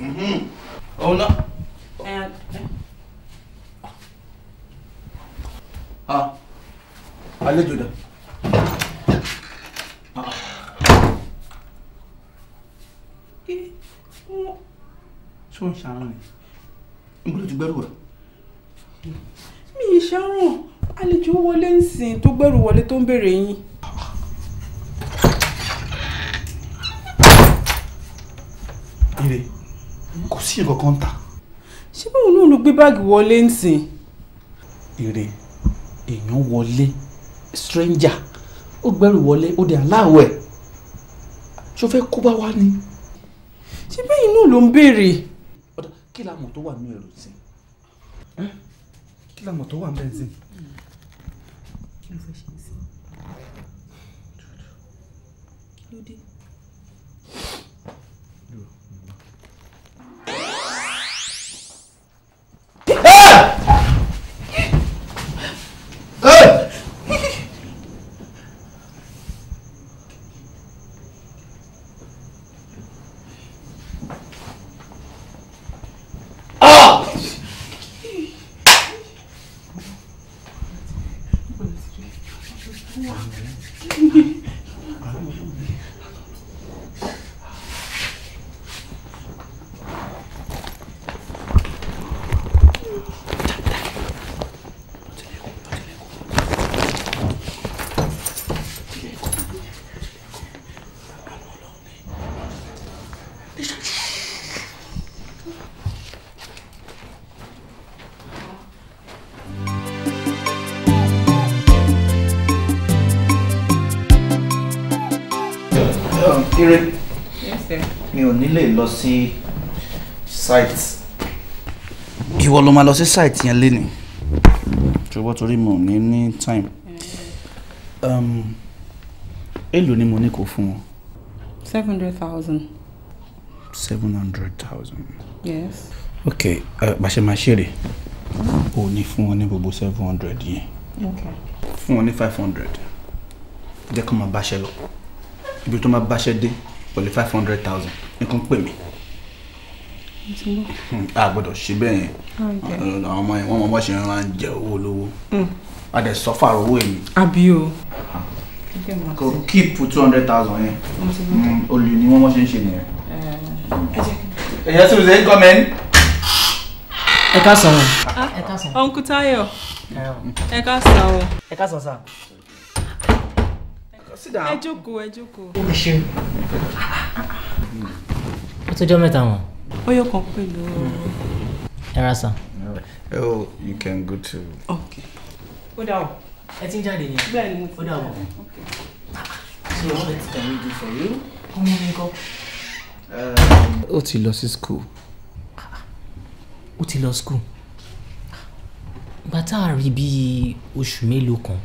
Mm-hmm. Oh no. And. Ah. ah. Àlejò dà. Ah. Ṣé wọ́n ṣàrán ni? Níbo ló ti gbẹ́rù wá? Mi ì ṣàrán. Àlejò wọlé ń sìn tó gbẹ́rù wọlé tó ń béèrè yín. Ah. ire kò sí nǹkan kan tà. ṣé báwo náà ló gbé báàgì wọlé nsìn. ire èèyàn wọlé stranger ó gbẹ́rù wọlé ó dẹ̀ aláwọ̀ ẹ̀ ṣó fẹ́ kó bá wá ni. ṣé bẹ́yìn náà ló ń béèrè. kí la mọ̀ tó wà nínú ẹ̀rọ sí kí la mọ̀ tó wà nínú ẹ̀rọ sí Hey! Ah! ire mi ò ní lè lọ sí site ìwọ ló máa lọ sí site yẹn lé ni ṣùgbọ́n torí mo ní ní time èlò ni mo ní kó fún wọn. seven hundred thousand. seven hundred thousand. yes. ok bàṣẹ máa ṣèrè o ní fún wọn ní gbogbo seven hundred yẹn fún wọn ní five hundred jẹ́ kó máa báṣẹ lọ ibi tó máa báṣẹ́ dé pẹ̀lú five hundred thousand nǹkan pè mí a gbọ́dọ̀ ṣe bẹ́ẹ̀ yẹn àwọn ọmọ yẹn wọ́n mọ̀ bọ́ ṣe máa ń jẹ owó olówó mm. a dẹ̀ sọ fàrọ̀ owó èmi. àbí o. Ah. kò kíìpù two hundred thousand yẹn mm, olè ni wọ́n mọ̀ ṣe ń ṣe nìyẹn. Eh, ẹ̀yẹ tí o ṣe ń kọ́ mẹ́ni. ẹ ká sọ̀rọ̀. ọ̀nkú Táyọ̀ ẹ ká sọ̀rọ̀. ẹ ká sọ̀rọ̀ sáà sit down. ẹ jókòó ẹ jókòó. ẹ ṣe. ó tó jọ mẹ́ta wọn. ó yọ kan pẹ̀lú. ẹ ra sàn. oh you can go to. Ok. ó dà o. ẹ ti ń jáde yẹn. bẹ́ẹ̀ ni mo ti O jáde. okay. so what can we do for you. ọmọ mi kọ. Um, ó ti lọ sí school. ó ti lọ school gbàtà rí bíi oṣù mélòó kan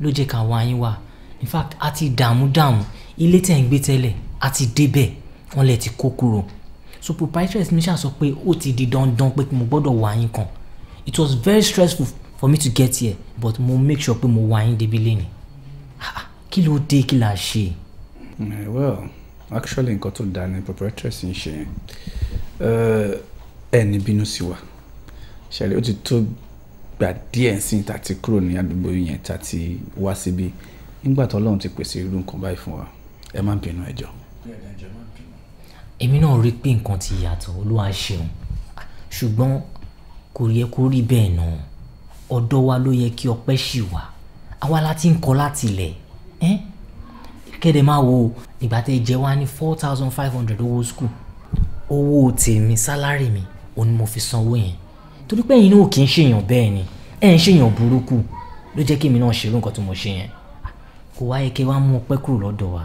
ló jẹ́ ká wá yín wá in fact a ti dààmú dààmú ilé tẹ̀ ń gbé tẹ́lẹ̀ a ti débẹ̀ wọ́n lè ti kó kúrò so proprietress mi ṣáà sọ pé ó ti di dandan pé mo gbọ́dọ̀ wá yín kan it was very stressful for me to get here but mo make sure pé mo wá yín débi lẹ́nu kí ló dé kí la ṣe. Eh, well actually nǹkan tó dáa ni proprietress ń ṣe ẹ eh, ní bínú sí wa ṣẹlẹ̀ ó ti tó gbà díẹ̀ sí ta ti kúrò ní àdúgbò yẹn ta ti wá síbi nígbà tó Ọlọ́run ti pèsè irú nǹkan báyìí fún wa ẹ má bínú ẹ jọ̀ọ́. èmi náà rí pé nǹkan ti yàtọ̀ olúwa ṣeun ṣùgbọ́n kò yẹ kó rí bẹ́ẹ̀ náà ọ̀dọ̀ wa ló yẹ kí ọpẹ́ ṣì wà àwa la ń kọ́ láti ilẹ̀ kéde máa wo ìgbà tẹ jẹ wá ní four thousand five hundred owó school owó tèmi sálárì mi òun ni mo fi sanwó yẹn torí pé ẹ̀yin náà kì í ṣèyàn bẹ́ẹ̀ ni ẹ̀ ń ṣèyàn burúkú ló jẹ́ kí èmi náà ṣerú nǹkan tí mo ṣe yẹn kò wáyé kí wàá mú ọpẹ́ kúrò lọ́dọ̀ wa.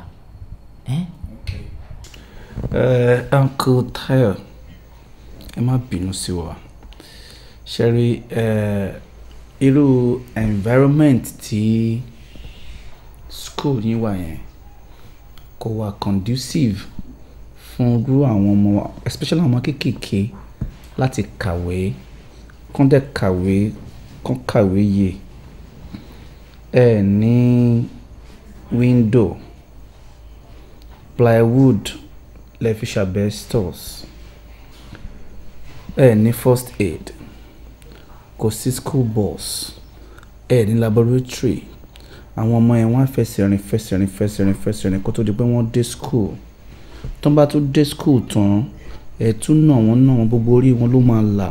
Eh, uncle Tayo ẹ má bínú sí wa ṣẹ́rí eh, irú environment tí school yín wà yẹn kò wà conducive fún irú àwọn ọmọ especially àwọn kéékèèké láti kàwé kán dẹ̀ kàwé kán kàwé yìí ẹ ní window plywood lẹ fi ṣàbẹ́stọ̀s ẹ ní first aid kò sí school bus ẹ ní laboratory àwọn ọmọ yẹn wọ́n á fẹsẹ̀ rìn fẹsẹ̀ rìn fẹsẹ̀ rìn fẹsẹ̀ rìn kó tó di pé wọ́n dé school tó bá tún dé school tán ẹ tún nà wọ́n nà wọ́n gbogbo orí wọn ló máa là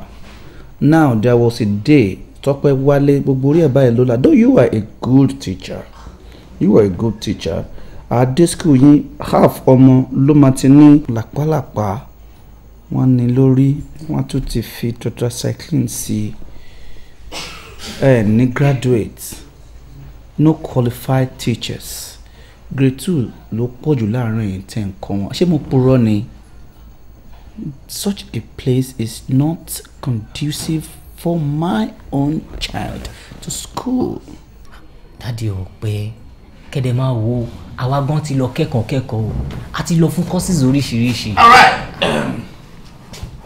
now there was a day Tọ́pẹ́ Wálé gbogbo orí ẹ̀ báyìí ló là though you are a good teacher you are a good teacher àdé school yín half ọmọ ló máa ti ní làpálàpá wọ́n ní lórí wọ́n tún ti fi tetracycline sí ẹ ní graduate no qualified teachers grade two ló pọ̀ jù láàrin yìí tẹ̀ ń kọ́ wọn ṣé mo purọ́ ni such a place is not conducive for my own child to school. dádì ò pé kẹ́dẹ̀ máa wo àwa gan ti lọ kẹ́kọ̀ọ́ kẹ́kọ̀ọ́ o a ti lọ fún courses oríṣiríṣi. all right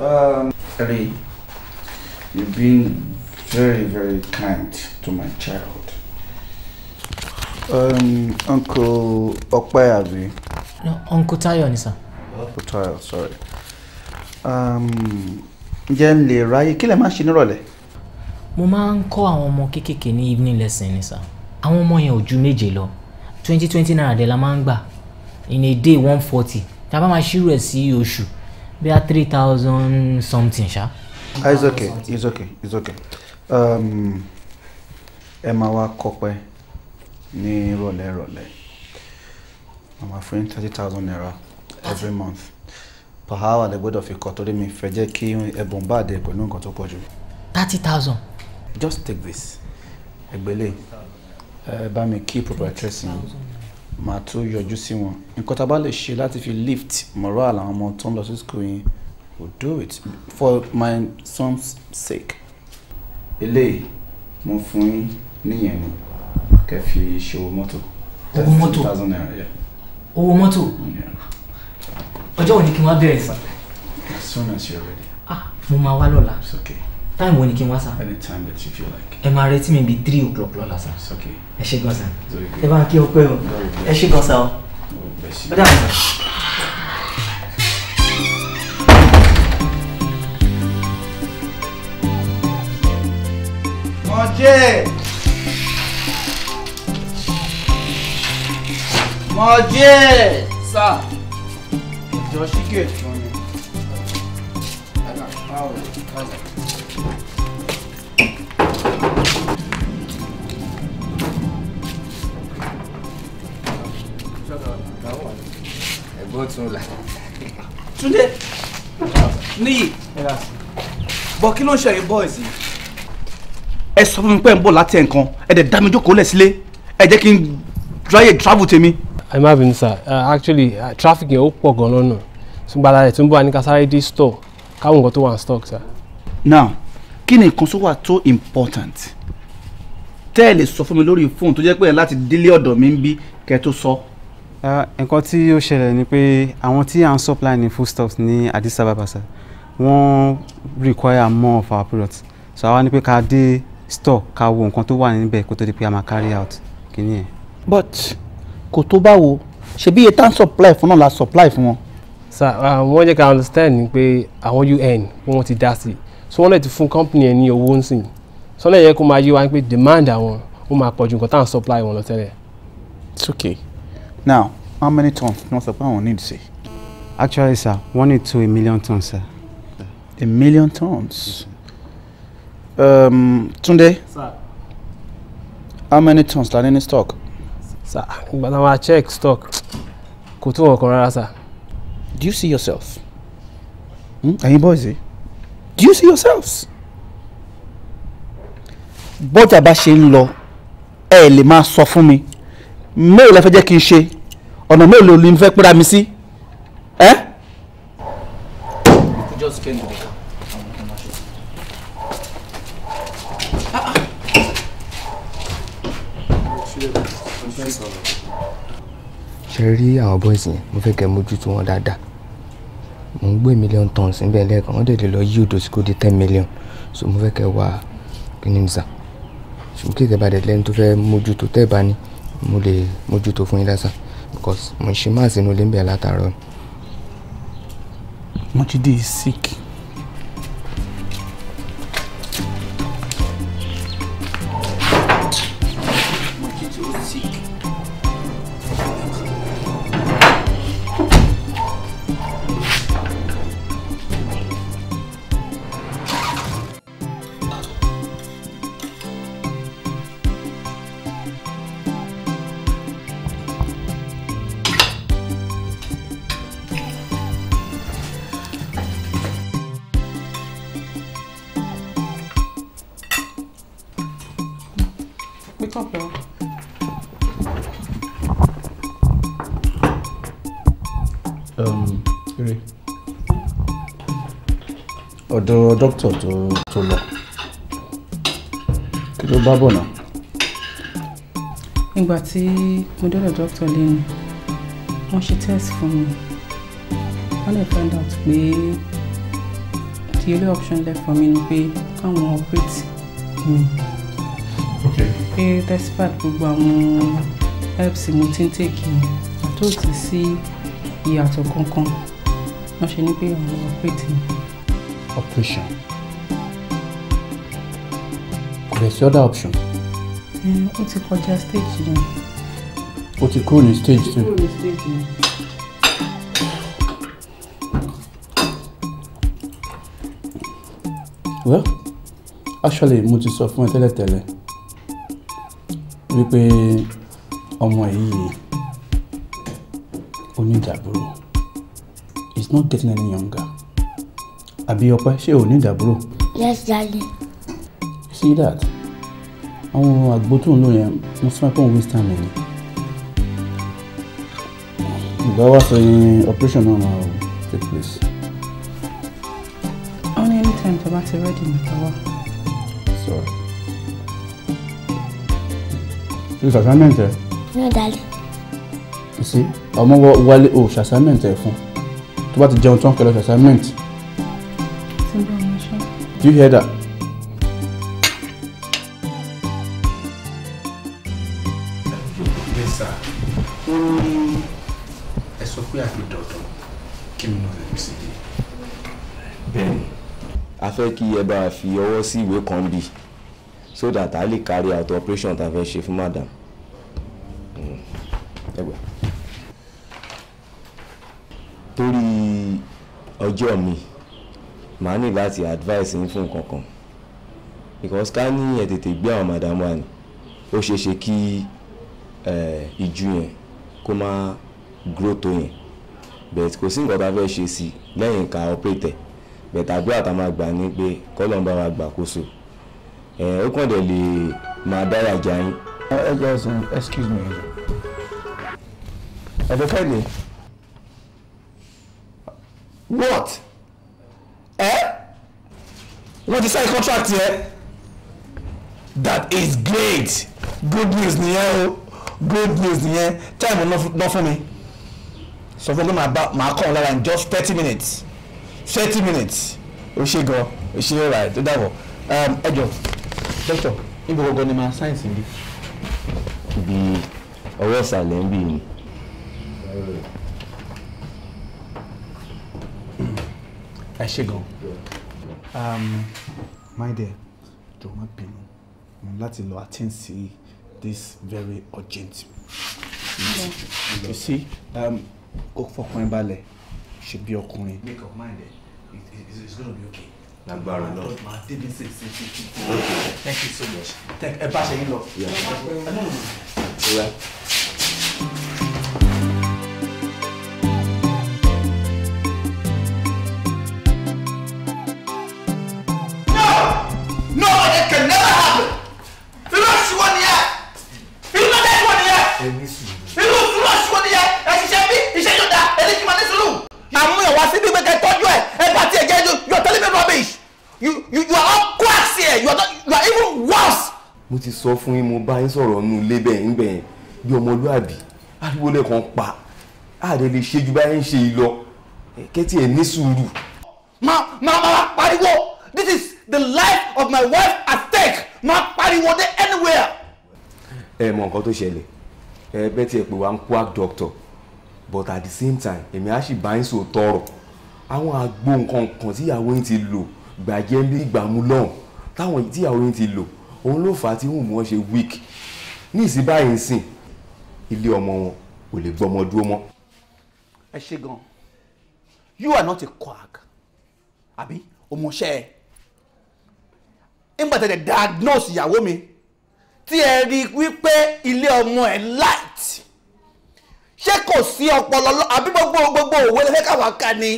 um, Ray, you've been very very kind to my child. Um, uncle Ọpẹ́ abi. no uncle Tayo ni sir. uncle Tayo sorry. Um, ǹjẹ́ n lè ráyè kí lè máa ṣe nírọ̀lẹ́. mo máa ń kọ́ àwọn ọmọ kéékèèké ní evening lesson ni sir àwọn ọmọ yẹn ò ju méje lọ twenty twenty naira dẹ̀ la máa ń gbà in a day one forty tá a bá máa ṣírò ẹ̀ sí oṣù bí a three thousand something ṣá. ah it's okay it's okay it's okay um, ẹ máa wá kọpẹ ní ìrọ̀lẹ́ ìrọ̀lẹ́ màmá fún yín thirty thousand naira every month per hour lè gbọ́dọ̀ fi kọ́ torí mi fẹ́ jẹ́ kí ẹ̀bùn bá dé pẹ̀lú nǹkan tó pọ̀ jù. thirty thousand. just take this ẹgbẹ́lẹ́ ẹ eh, bá mi kí proprietress yẹn màá tó yọjú sí wọn nǹkan tá a bá lè ṣe láti fi lift morale àwọn ọmọ tó ń lọ sí school yẹn we'll do it for my son's sake. eléyìí mo fún yín níyẹn ni kẹ́ fi ṣòwò mọ́tò. owó mọ́tò owó mọ́tò ọjọ́ òní kí n wá bẹ̀rẹ̀ sàn. as soon as you're ready. ah mo máa wá lọ́la. it's okay time wo ni kí n wá sá. anytime that you feel like. ẹ máa retí mi bíi three o'clock lọ́la sá. it's okay. ẹ ṣe gan sá. ẹ bá kí ọpẹ́ o ẹ ṣe gan sá o. ó dà bọ̀. mọ̀jẹ́ mọ̀jẹ́ sá ìjọ ṣíkè fún mi. Báwo ni báwo ni. bọ́túnla. túndé níyì bọ kí ló ń ṣẹyìn boys yìí. ẹ sọ fún mi pé ń bọ̀ láti ẹ̀ǹkan ẹ dẹ̀ dá mi jókòó lẹ̀ sílé sir uh, actually uh, traffic yẹn ó pọ̀ gan lọ́nà ṣùgbọ́n ẹ̀ tún store káwọn nǹkan tó wà ní stock sir. now kini ni nǹkan tó important Tell ẹ lè sọ fún mi lórí fóònù tó jẹ́ pé láti délé ọ̀dọ̀ mi So nǹkan tí ó ṣẹlẹ̀ ni pé àwọn tí à ń supply ní foodstuffs ní Addis Ababa sir wọ́n require more of our products so àwa ni pé ká dé store ká wo nǹkan tó wà níbẹ̀ kó tó di pé a máa carry out kìíní ẹ̀. but kò tó báwo ṣebí iye tá ń supply fún náà la supply fún wọn. sir uh, wọ́n jẹ́ ká understand ni pé àwọn UN pé wọ́n ti dá sí i so wọ́n lè ti fún company ẹ̀ ní owó ń sìn so wọ́n lè yẹ kó máa yí wa pé demand àwọn ó máa pọ̀jù nǹkan tá à ń supply wọn lọ tẹ́lẹ̀. it's okay now how many tons ni wọ́n sọ pé àwọn need sí. actually sir one need to a million tons sir. a million tons. Um, Túndé. sir. how many tons la ní stock. sir gbàdá máa check stock kò tó ọkàn rárá sir. do you see yourself. Are hmm? you boys eh? do you see yourselves. bọ́jà bá ṣe ń lọ ẹ lè máa sọ fún mi mail ẹ fẹ́ jẹ́ kí n ṣe ọ̀nà mélòó ni mo fẹ́ pera mi sí ẹ́. ṣe rí àwọn boys yẹn mo fẹ́ kẹ́ mójútó wọn dáadáa mo ń gbé million tons níbẹ̀ lẹ́ẹ̀kan wọ́n dẹ̀ lọ yí odò sí kó di ten million so mo fẹ́ kẹ́ wá kíní nìsa ṣùgbọ́n kí ìtẹ̀bà dẹ̀ lẹ́nu tó fẹ́ mójútó tẹ́ẹ̀bà ni mo lè mójútó fún yín lásán cause mo ṣe máa sínú ilé ń is sick dókítà tó tó lọ kí ló bá bọ̀ náà. ìgbà tí mo dọ́dọ̀ dókítà lẹ́nu wọ́n ṣe test fún mi wọ́n lè find out pé the only option left for me ni pé káwọn operate mi pé despite gbogbo àwọn herbs mo ti ń take mi tó ti sí ìyàtọ̀ kankan wọ́n ṣe ní pé àwọn operate mi. operation There's the other option. Eh, ó ti kọjá stage náà. ó ti kúrò stage two. ó ti kúrò ní stage yẹn. well actually mo ti sọ fún ẹ tẹ́lẹ̀tẹ́lẹ̀ wípé ọmọ yìí onídàbúrò is not getting any younger àbí ọpẹ ṣé o ní yes darling see that àwọn àgbo tó ń lò yẹn mo sọ pé òun waste time ni ìgbà wa sọ yẹn operation náà máa take place. only anytime tó bá ti rẹ́dì nìkan wá. sorry. ṣe assignment ẹ. no darling. sí ọmọ wálé o ṣe assignment ẹ fún tó bá ti jẹun tán kẹlẹ ṣe assignment. do you hear that. pé àfi dọ̀dọ̀ kí mi náà lè sí i. bẹ́ẹ̀ni a fẹ́ kí ẹ bá fi ọwọ́ sí ìwé kan bì so that a lè carry out operation tá a fẹ́ ṣe fún madam hmm, ẹ gbà. torí ọjọ́ mi màá ní láti advice yín fún nǹkan kan because ká ní ẹ tètè gbé àwọn madam wa ni ó ṣeé ṣe kí eh, ìjú yẹn kó má grow tó yẹn but kò sí nǹkan tá a fẹ́ ṣe sí lẹ́yìn ká operate but àdúrà tá a ní pé kọ́lọ́n bá wa gbàkóso ó kàn dẹ̀ lè máa dára jà yín. ẹ jẹ́ ẹ̀sìn excuse me ẹ̀jọ̀ kẹ́lẹ̀ what ẹ wọ́n ti sign contract yẹn that is great good news nìyẹn o good news nìyẹn time náà fún mi sọ fún mi máa kàn lára in just thirty minutes thirty minutes o ṣe gan o ṣe ra um, ẹ tó dàbọ̀ ẹ jọ doctor níbo gangan ni máa sáyẹ̀nsì bí. ibi ọwọ́ ìsàlẹ̀ ń bì ní. ẹ ṣe gan um, my dear jọ̀ọ́ má bínú láti lọ attend sí this very urgent meeting you see. Um, kó fọkàn ẹ balẹ̀ ṣe bí ọkùnrin. make up mind it it it's gonna be okay. lágbára náà ma dey be safe safe thank you so much thank ẹ bá ṣe yín lọ. you you are all quacks here you are not you are even worse. mo ti sọ fún yín mo bá yín sọ̀rọ̀ nù ilé ń bẹ̀yẹn bí ọmọlúàbí ariwo lẹ́kàn pa àdé lè ṣe ju báyìí ń ṣe yìí lọ kẹ́tì ẹ̀ ní sùúrù. ma ma ma pariwo this is the life of my wife at stake ma pariwo dé anywhere. ẹ mọ nǹkan tó ṣẹlẹ̀ ẹ bẹ́ẹ̀ tí ẹ pè wá ń quack doctor but at the same time èmi á sì bá yín sòótọ́ ọ̀rọ̀ àwọn àgbo nǹkan kan tíyàwó yín ti lò gbàjẹ́ bí gbàmú lọ́hùn táwọn tíyàwó yín ti lò òun ló fà á tí wọ́n ṣe weak ní ìsìn báyìí ń sìn ilé ọmọ wọn kò lè gbọmọ dúró mọ́. ẹ ṣe gan you are not a quack àbí ọmọọṣẹ́ ẹ nígbà tẹ̀lé diagnose ìyàwó mi tí ẹ rí i wípé ilé ọmọ ẹ light ṣé kò sí ọpọlọ àbí gbogbo gbogbo òwe lè fẹ́ káwá ká ni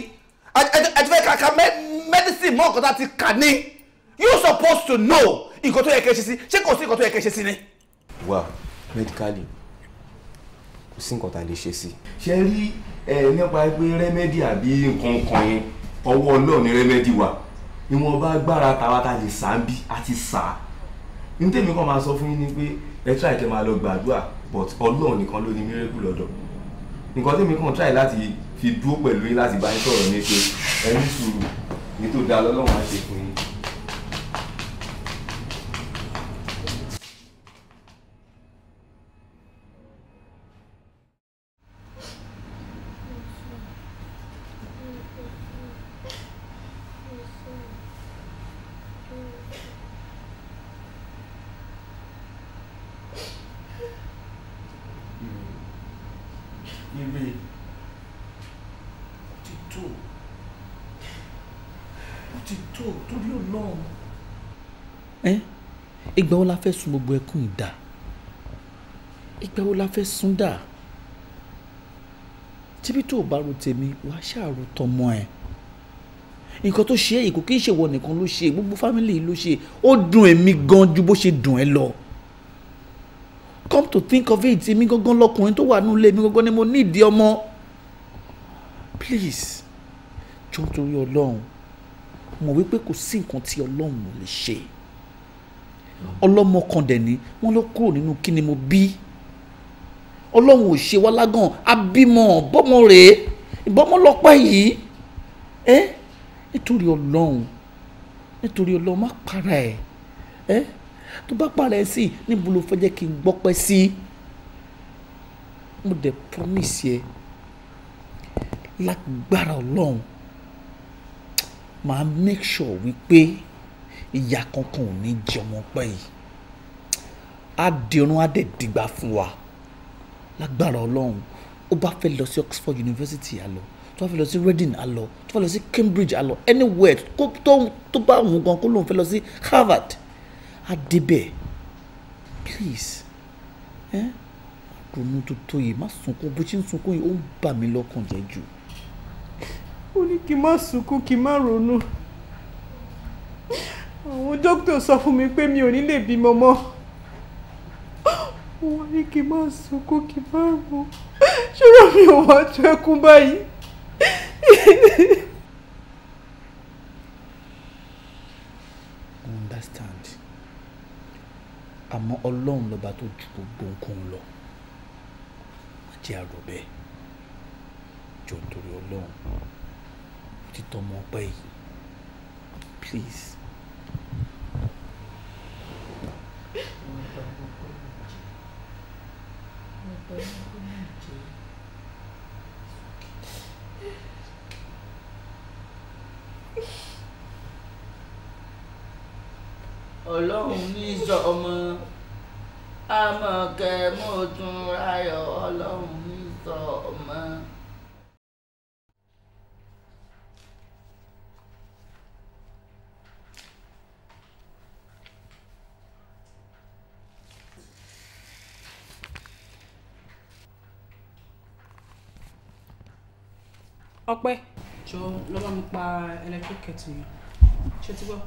ẹ ti fẹ́ ká ká mẹ́rin medicine mọ nǹkan tá a ti you supposed to know nǹkan tó yẹ kẹ́ ṣe sí ṣé kò sí nǹkan tó yẹ kẹ́ ṣe sí ni. well medically kò sí nǹkan tá a lè ṣe sí. ṣe rí ẹ nípa pé rẹ́mẹ́dì àbí nǹkan kan yẹn ọwọ́ ọlọ́run ni rẹ́mẹ́dì wà ìwọ̀nba agbára tàwa ta lè sá ń bí àti sá ní tèmi kan máa sọ fún yín ni pé ẹ try kẹ́ máa lọ gbàdúrà but ọlọ́run nìkan ló ní miracle lọ́dọ̀ nǹkan tèmi kan try láti fi dúró pẹ̀lú yín láti bá yín sọ̀rọ̀ ní pé ẹ ní sùúrù èyí tó dáa lọ́lọ́run á ṣe fún yín. ìgbà wo la fẹ́ sun gbogbo ẹkún ìdá ìgbà wo la fẹ́ sun dà tíbi tó o bá ro tèmi wà á ṣàrò tọmọ ẹ nǹkan tó ṣe èyí kò kí ń ṣèwọ nìkan ló ṣe gbogbo fámìlì ló ṣe ó dùn èmi gan ju bó ṣe dùn ẹ lọ come to think of it èmi gangan lọkùnrin tó wà nínú ilé mi gangan ni mo ní ìdí ọmọ please jọ nítorí ọlọ́run mọ̀ wípé kò sí nǹkan tí ọlọ́run ò lè ṣe ọlọ́mọ kan dẹ̀ ní wọ́n lọ kúrò nínú kí ni mo bí ọlọ́run ò ṣe wá lágàn abímọ bọ́mọ rèé ìbọ́mọ lọ́pẹ́ yìí ẹ nítorí ọlọ́run nítorí ọlọ́run má para ẹ̀ ẹ tó bá para ẹ̀ sí níbo ló fẹ́ jẹ́ kí n gbọ́pẹ́ sí mo dẹ̀ promise ẹ lágbára ọlọ́run màá make sure wípé ìyá kankan ò ní jẹ ọmọ pẹ́ yìí á di ọ̀run á dẹ̀ dìgbà fún wa lágbára ọlọ́run ó bá fẹ́ lọ sí Oxford University á lọ tó bá fẹ́ lọ sí Reading á lọ tó bá lọ sí Cambridge á lọ anywhere tó bá òun gan kó lóun fẹ́ lọ sí Harvard á débẹ̀ please ronú tó tó yìí má sunkún bó ṣe ń sunkún yìí ó ń bà mí lọ́kàn jẹ́ jù. ó ní kí n má sunkún kí n má ronú àwọn dókítà sọ fún mi pé mi ò ní lè bímọ mọ́ wọ́n ní kí n má sunkún kí n má rò ṣọ́rọ̀ mi ò wá tó ẹkún báyìí. understand àmọ́ ọlọ́run lọ́ba tó ju gbogbo nǹkan lọ má jẹ́ àrò bẹ́ẹ̀ jọ̀ọ́ nítorí ọlọ́run títọ́ ọmọ ọpẹ́ yìí please. ọlọ́run ní sọ ọmọ àmọ̀kẹ́ mo tún ayọ̀ ọlọ́run ní sọ ọmọ. ọpẹ́. jọ lọ bá mi pa electric kettle yẹn ṣé ti gbọ́.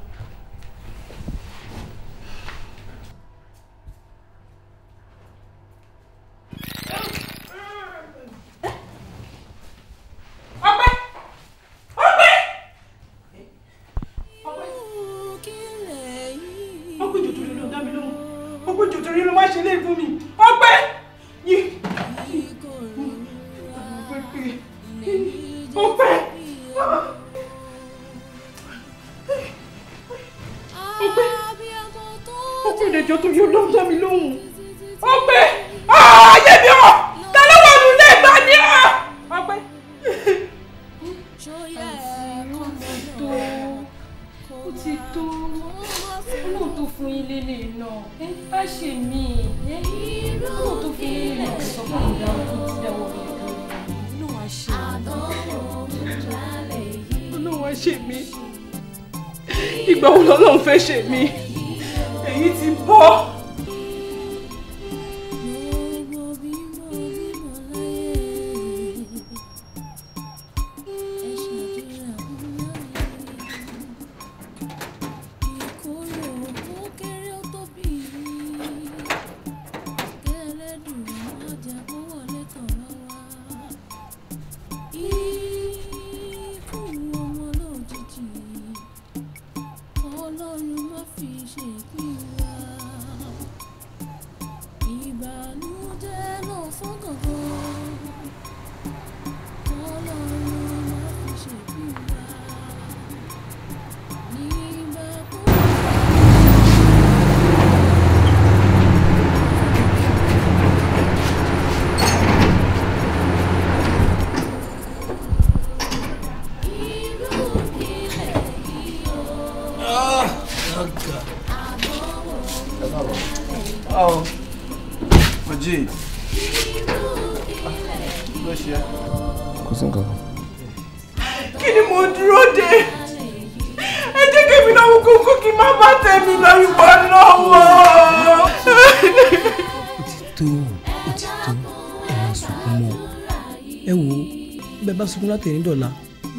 sunkún látẹ̀yìn dọ̀la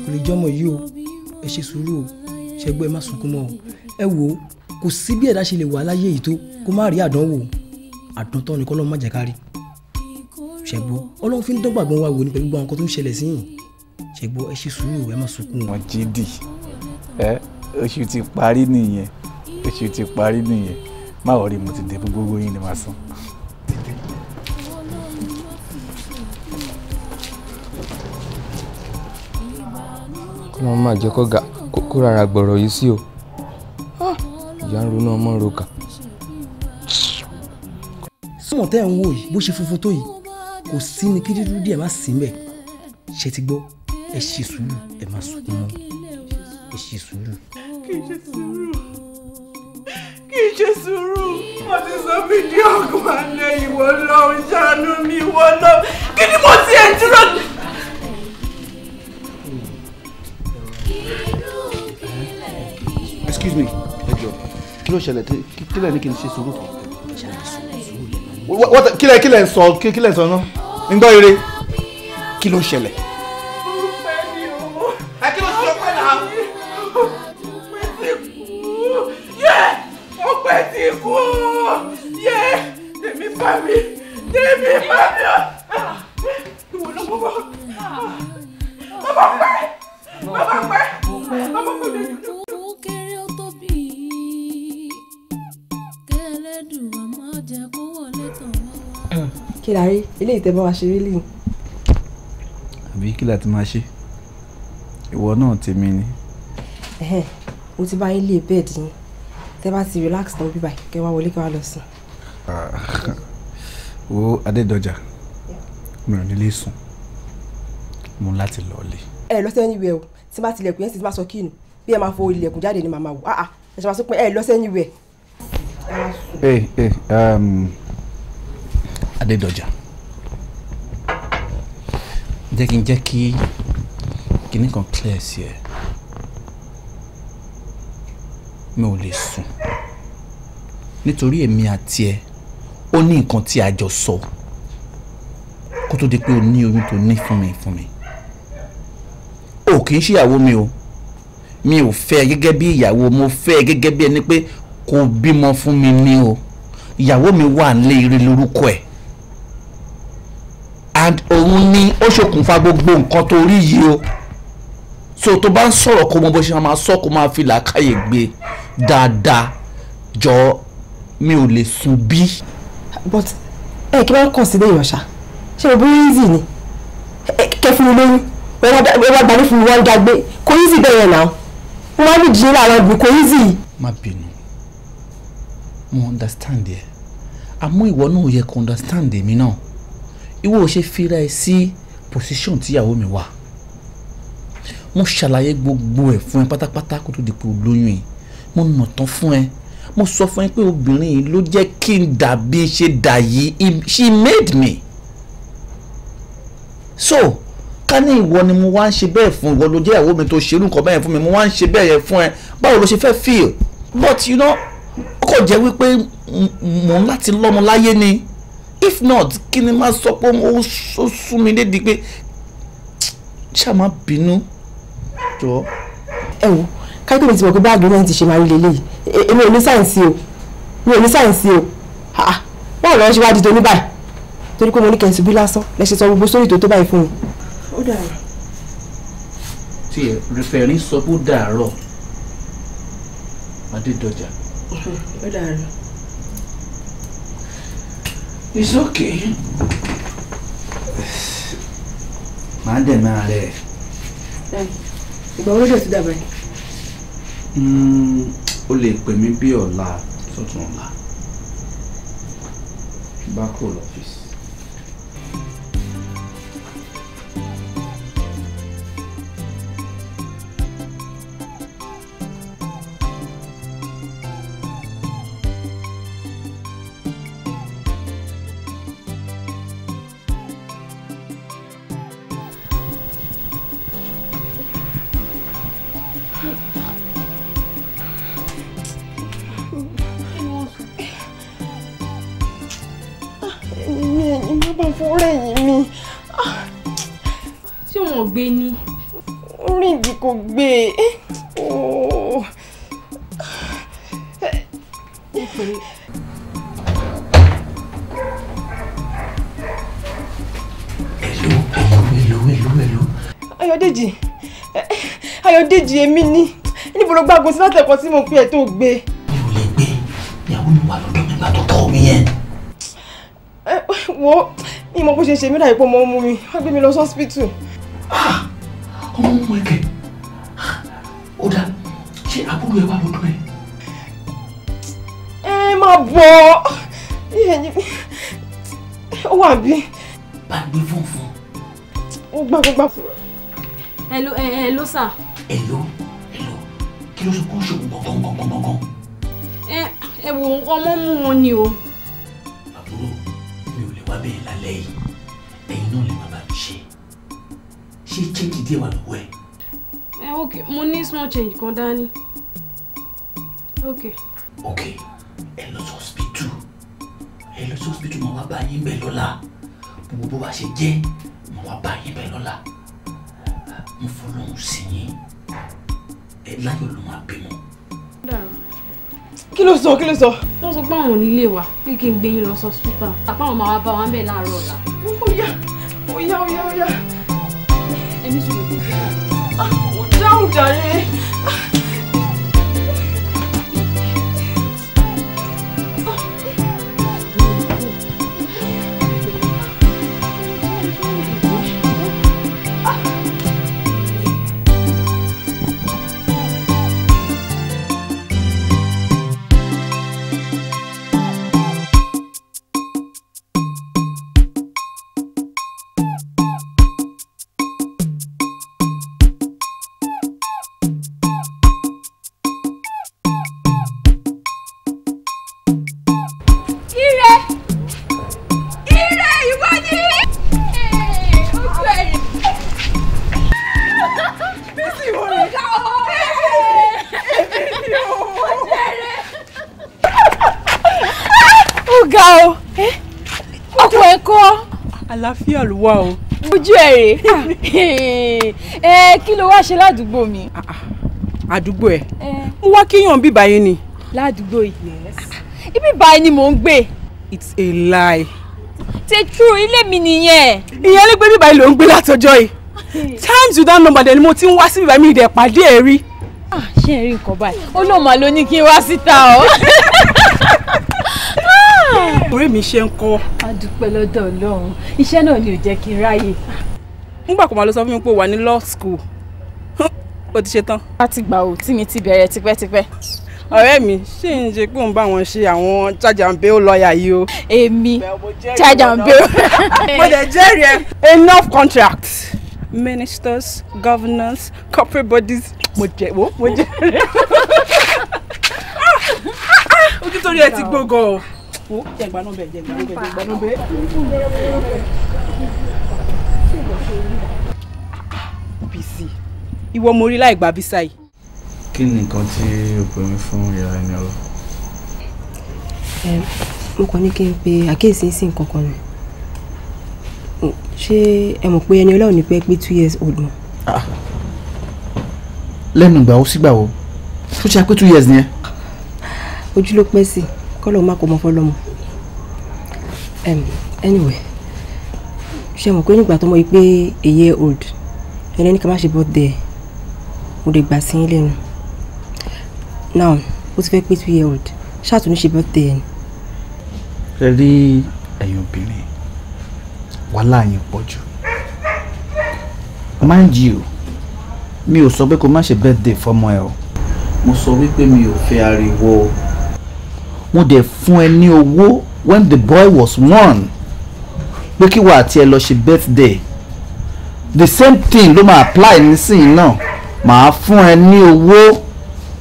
rè jọmọ yìí o ẹ ṣe sùúrù o ṣẹgbẹ́ má sunkún mọ́ o ẹ wò ó kò sí bí ẹ̀dá ṣe lè wà láyé yìí tó kó má rí àdánwò àdántọ́ ni kọ́lọ́ má jẹ́ ká rí ṣẹ̀gbọ́ ọlọ́run fi ń dọ́gba gbọ́n wa wò ní pẹ̀lú gbogbo àwọn kan tó ń ṣẹlẹ̀ sí yìí ṣẹ̀gbọ́ ẹ ṣe sùúrù ẹ má sunkún. wọn jí dì ẹ oṣù ti parí nìyẹn oṣù ti parí nìyẹn má wọrí mo ti dé gbogbo yín ni màá san. ọlọ́run má jẹ́ kọ́gà kó rárá gbọ̀rọ̀ yìí sí o ah, ìyá ń ronú ọmọ roka. sọmọ tẹ́ ẹ̀ ń wò yìí bó ṣe funfun tó yìí kò sí ni kí dídú díẹ̀ má sí mbẹ̀ ṣe ti gbọ́ ẹ ṣe sùúrù ẹ má sunkún mọ́ ẹ ṣe sùúrù. kì í ṣe sùúrù mo ti sọ fídíò ọgbọ̀n àná ìwọ lọ ṣàánú mi ìwọ lọ kí ni mo ti ẹ̀ dúró. excuse me ẹ jọ kí ló ṣẹlẹ̀ kí lẹ́ẹ̀ ní kí n ṣe sùúrù kan. kí lẹ́ẹ̀ kí lẹ́ẹ̀ sọ kí lẹ́ẹ̀ sọ náà ń gbọ́ kí ló ṣẹlẹ̀. Ah! Ah! Bàbá mi! Bàbá mi! bàbá pẹ́ bàbá kò lè jù. owó kéré ó tóbi kẹlẹ́dùn àmọ́ jẹ́ kó wọlé tán. kí la rí ilé ìtẹ́bá wa ṣe rí lè. àbí kí la ti máa ṣe ìwọ náà tèmi ni. mo ti bá ilé bẹ́ẹ̀dì yín tẹ́ bá ti relax tán bíbá kẹ́ wá wọlé kẹ́ wá lọ sùn. Ah, <laughs> wo adédọjà mi ò nílé sùn mo láti lọ ilé. ẹ lọ sí ẹni wẹ o tí bá tilẹ̀kùn yẹn sì ti bá sọ kí nù bí ẹ máa fo ilẹ̀kùn jáde ni màmá wò ah ah ẹ ṣe máa sọ pé ẹ lọ sẹ́yìn wẹ̀. ẹ eh, ẹ eh, um, Adédọ̀jà jẹ́ kí n jẹ́ kí kinní kan clear sí ẹ mi ò lè sùn nítorí èmi àti ẹ ó ní nǹkan tí a jọ sọ kó tó di pé o ní oyún tó ní fún mi fún mi ò kì í ṣe mi o mi ò fẹ́ gẹ́gẹ́ bí ìyàwó mo fẹ́ gẹ́gẹ́ bí ẹni pé kò bímọ fún mi ni o ìyàwó mi wà nílé ire lórúkọ ẹ̀ and òun ni ó ṣokùnfà gbogbo nǹkan tó rí yìí o so tó bá ń sọ̀rọ̀ kó mọ bó ṣe máa sọ kó máa fi làákàyè gbé dáadáa jọ mi ò lè sùn bí. but ẹ kí wọ́n consider ìyọ̀ṣà ṣé o bó easy ni kẹfún mi lóyún ẹ wá gbàlẹ́ fún mi wọ́n dágbé kò yí sí bẹ́ẹ̀ yẹn náà wọ́n á ní jí láàárọ̀ bí kò yí sí. má bínú mo understand ẹ àmọ́ ìwọ náà yẹ kó understand èmi náà ìwọ ò ṣe fira ẹ sí position tíyàwó mi wà mo ṣàlàyé gbogbo ẹ fún ẹ pátápátá kó tó di pé o lóyún yìí mo nà tán fún ẹ mo sọ fún ẹ pé obìnrin yìí ló jẹ́ kí n dàbí ṣe dà yìí she made me so ká ní ìwọ ni mo wá ń ṣe bẹ́ẹ̀ fún ìwọ ló jẹ́ ìyàwó mi tó ṣerú nǹkan bẹ́ẹ̀ fún mi mo wá ń ṣe bẹ́ẹ̀ yẹn fún ẹ báwo ló ṣe fẹ́ feel but you know ó kàn jẹ́ wípé mò ń láti lọ́mọ láyé ni if not kí ni máa sọ pé ó sún mi dédi pé ṣá má bínú jọ. ẹ wo káyọ̀pé mi ti mọ̀ pé báàgì náà ti ṣe máa rí lélẹ́yìí e, èmi ò ní sáyẹ̀nsì o mi ò ní sáyẹ̀nsì o báwo lọ́wọ́ ṣe wá di tó ní báyìí torí pé mo ní kẹ̀sìbí lásán lẹ́sẹ̀ sọ gbogbo sórí tó tó báyìí fún mi ó dàárọ̀. tí rìfẹ̀rí sọ pé ó dàárọ̀ adédọjà. ó dàárọ̀. it's okay. màá dẹ̀ máa rẹ̀. ìgbà wo ló dẹ̀ ti dàbẹ̀? o lè pè mí bí ọ̀la tuntun ọ̀la bá kò lọ. gbọ́n fún rẹ̀yìn mi. ṣé wọn ò gbé ni. oríǹdì kò gbé e. èlò èlò èlò. ayọ̀dèjì ayọ̀dèjì èmi ni níbo ló gbàgbọ́ sí látẹ̀kọ́ tí mo pè ẹ́ tó gbé. mi ò lè gbé ìyàwó mi wà lọ́dọ̀ mi gbà tó tọ́ mi yẹn. wo mọ bó ṣe ṣe mí dàbí pé ọmọ ọmú mi wọ́n gbé mi lọ sọ́sìpítù. ọmọ ọmú ẹ̀kẹ́ ó dá ṣé àbúrò ẹ wà lọ́dún ẹ. ẹ máa bọ̀ ó wà bí. bàgbé funfun. ó gbàgbọ́gbà. hello eh, eh, hello sir. hello hello kí ló sọ kó ṣòwò gbọ̀ngàn gbọ̀ngàn gbọ̀ngàn. Eh, ẹ ẹ wo ọmọ mú wọn ni o wá bẹ́ẹ̀ lálẹ́ yìí ẹ̀yin náà lè má bá mi ṣe ṣé change díẹ̀ wà lọ́wọ́ ẹ̀. ẹ eh, ok mo ní small change kan dání ok. ok ẹ lọ sí hospital ẹ lọ sí hospital mo wá bá yín bẹ́ẹ̀ lọ́la gbogbo bó bá ṣe jẹ́ mo wá bá yín bẹ́ẹ̀ lọ́la mo fọlọ́hún sí yín ẹ láyọ̀ ló máa bímọ. dàrú kí ló sọ kí ló sọ. wọ́n sọ pé àwọn ò nílé wa pé kí n gbé yín lọ sọ sùtà àbáwọn máa wá bá wa ń bẹ̀ láàárọ̀ ọ̀la. ó yá ó yá ó yá ó yá. èmi sùn ah, lè àlàáfíà ló wà o. ojú ẹ rèé ẹ kí ló wá ṣe ládùúgbò mi. Ah, ah. àdúgbò ẹ eh. mo wá kíyàn bíbá yín ni. ládùúgbò yes ibi báyìí ni mò ń gbé. it's a lie. ṣe true ilé mi nìyẹn. ìyẹn ló gbé bíbá yìí ló ń gbé látọjọ́ yìí times without number dẹni mo ti ń wá sí bíbá mi ìdẹ pàdé ẹ rí. Ah, ṣé ẹ rí nǹkan báyìí ó lóun ló ní kí n wá síta o. <laughs> ọ̀rẹ́ mi ṣe ń kọ́. a dúpẹ́ lọ́dọ̀ ọlọ́run iṣẹ́ náà ni ò jẹ́ kí n ráyè. nígbà kan máa lọ sọ fún mi pé o wà ní law school o ti ṣe tán. láti gbà ò tí mi ti bẹ̀rẹ̀ tipẹ́tipẹ́. ọ̀rẹ́ mi ṣé ń ṣe pé òun bá wọn ṣe àwọn jajambeo lọ́ọ̀yà yìí o. èmi jajambeo. mo lè <laughs> jẹ́rìí ẹ. enough contracts ministers governors corporate bodies mo jẹ wo mo jẹ. <laughs> Ah, ah, ah, ojú torí ẹ ti gbogbo wo jẹgba náà bẹ jẹgba náà bẹ jẹgba náà bẹ. bísí ìwọ mo rí láì gba bísà yìí. kí ni nǹkan tí o pè mí fún ìyá ẹni ọlọ. mo kàn ní kí n pe àkíyèsí sí nǹkan kan ni ṣé ẹ mọ̀ pé ẹni ọlọ́run ní pẹ́ pé two years old mọ́. Ah. lẹ́nu ìgbà wo sígbà wo ó ṣe pé two years ni ẹ. ojú ló pẹ́ sí i kọ́lọ́ọ̀ má kó mọ fọ́lọ́mọ anyway ṣe mọ̀ pé nígbà tó mọ̀ yìí pé a year old ẹni ní ká má ṣe birthday mo lè gbà sí lẹ́nu now ó ti fẹ́ pé two year old ṣáàtún ní ṣe birthday ẹni. ẹ rí ẹ̀yin obìnrin wàhálà yín pọ̀ jù mind you mi ò sọ pé kó má ṣe birthday fọmọ ẹ o mo sọ wípé mi ò fẹ́ ariwo mo dẹ̀ fún ẹ ní owó when the boy was one pé kí wàá tiẹ̀ lọ ṣe birthday the same thing ló máa apply nísìnyí náà màá fún ẹ ní owó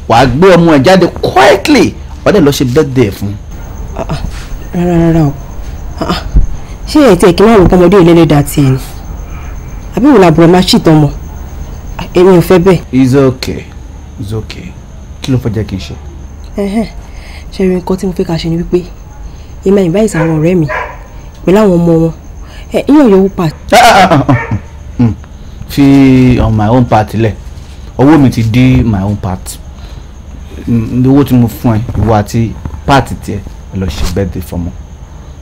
wàá gbé ọmọ ẹ jáde quietly wàá dẹ̀ lọ ṣe birthday fún. Ah, ah, rárá rárá o ah, ṣé ẹ tiẹ̀ kí n máa wò pọ́nmọdé ìlẹ́lẹ́dà tiẹ̀ ni àbí wò làbúrò máa ṣìtàn mọ́ èmi ò fẹ́ bẹ́ẹ̀. it's okay it's okay kí ló fẹ́ jẹ́ kí n ṣe ṣẹ́rin nǹkan tí mo fẹ́ ká ṣe ni wípé èmi àyìnbá ìsà àwọn ọ̀rẹ́ mi pẹ̀lú àwọn ọmọ wọn ẹ yíyan yòówù pa. <laughs> Hmm. fi on uh, my own part lẹ̀ owó mi ti dé my own part hmm, owó tí mo fún ẹ ìwọ àti part tiẹ̀ lọ ṣe birthday fọ́mọ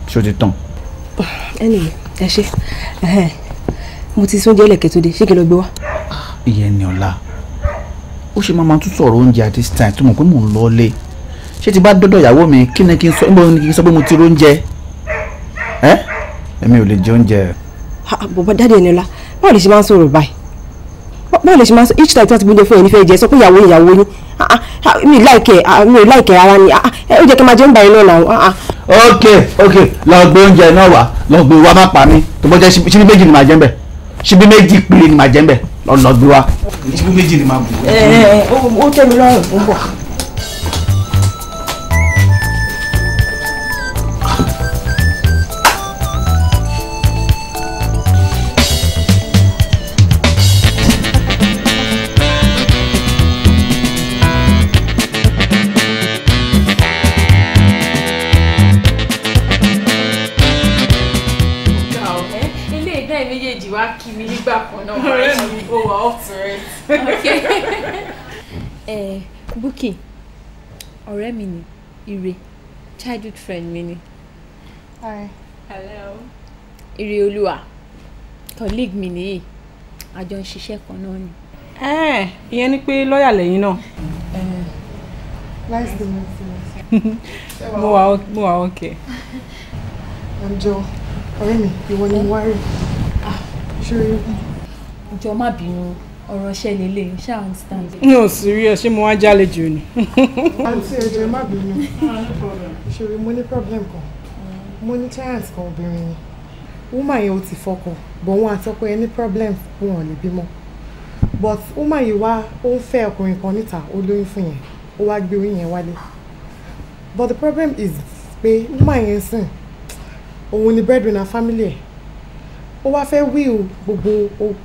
ṣó ti tán. ẹnì ẹ ṣe mo ti sún jẹ́lẹ̀ kẹ́tọ́dé ṣé kí n lọ gbé wá. Ah, ìyẹn ni ọ̀la ó ṣe máa ma tún sọ̀rọ̀ oúnjẹ at this time tó mọ̀ pé mò ń lọ lé ṣé ti bá dọ́dọ̀ ìyàwó mi kí ni kí n sọ níbo ni kí n sọ pé mo ti róúnjẹ ẹ èmi ò lè jẹ oúnjẹ. bọ̀bọ̀ dáadé ẹni ọlá báwo lè ṣe máa ń sọ̀rọ̀ báyìí báwo lè ṣe máa ń sọ each time tí wọ́n ti gbóúnjẹ fún ẹni fẹ́ jẹ sọ pé ìyàwó ìyàwó ni mi láìkẹ́ mi ò láìkẹ́ ara ni ó jẹ́ kí n máa jẹ oúnjẹ náà náà. ok ok lọ gbé oúnjẹ náà wá lọ gbé wá má pa mí tó bọ́ jẹ́ ṣíbí méjì ni màá jẹ́ ń bẹ̀ ṣíbí méjì péré ni màá jẹ́ ń bẹ̀ lọ gbé wá. ṣíbí méjì ni màá bù. ẹ ó tẹ́ mi lọ́rùn ń bọ̀. Ire childhood friend mi ni. Hi. Hello. Ire Olúwa colleague mi nìyí a jọ ń ṣiṣẹ́ kan náà ni. Eh, ìyẹn ni pé lọ́ọ̀yà lẹ́yìn náà. nice to meet you. <laughs> mo wà mo wà okay. àjọ ọ̀rẹ́ mi ìwọ ni wọ́n rí ah. ṣé. jọ má bínú ọ̀rọ̀ ṣe lélẹ̀ ṣe àwọn ti tàn. no serious ṣé mo wá jálè jù ni. <laughs> àǹtí ẹ̀jẹ̀ má bínú ìṣòro mo ní problem kan mo ní client kan obìnrin ni woman yẹn ò ti fọkọ bọ̀ wọn àtọkọ yẹn ní problem fún wọn ní bímọ but woman yìí wá ó ń fẹ́ ọkùnrin kan níta ó lóyún fún yẹn ó wá gbé oyún yẹn wálé but the problem is pé woman yẹn sìn òun ni breadwinner family ẹ̀ ó wá fẹ́ will gbogbo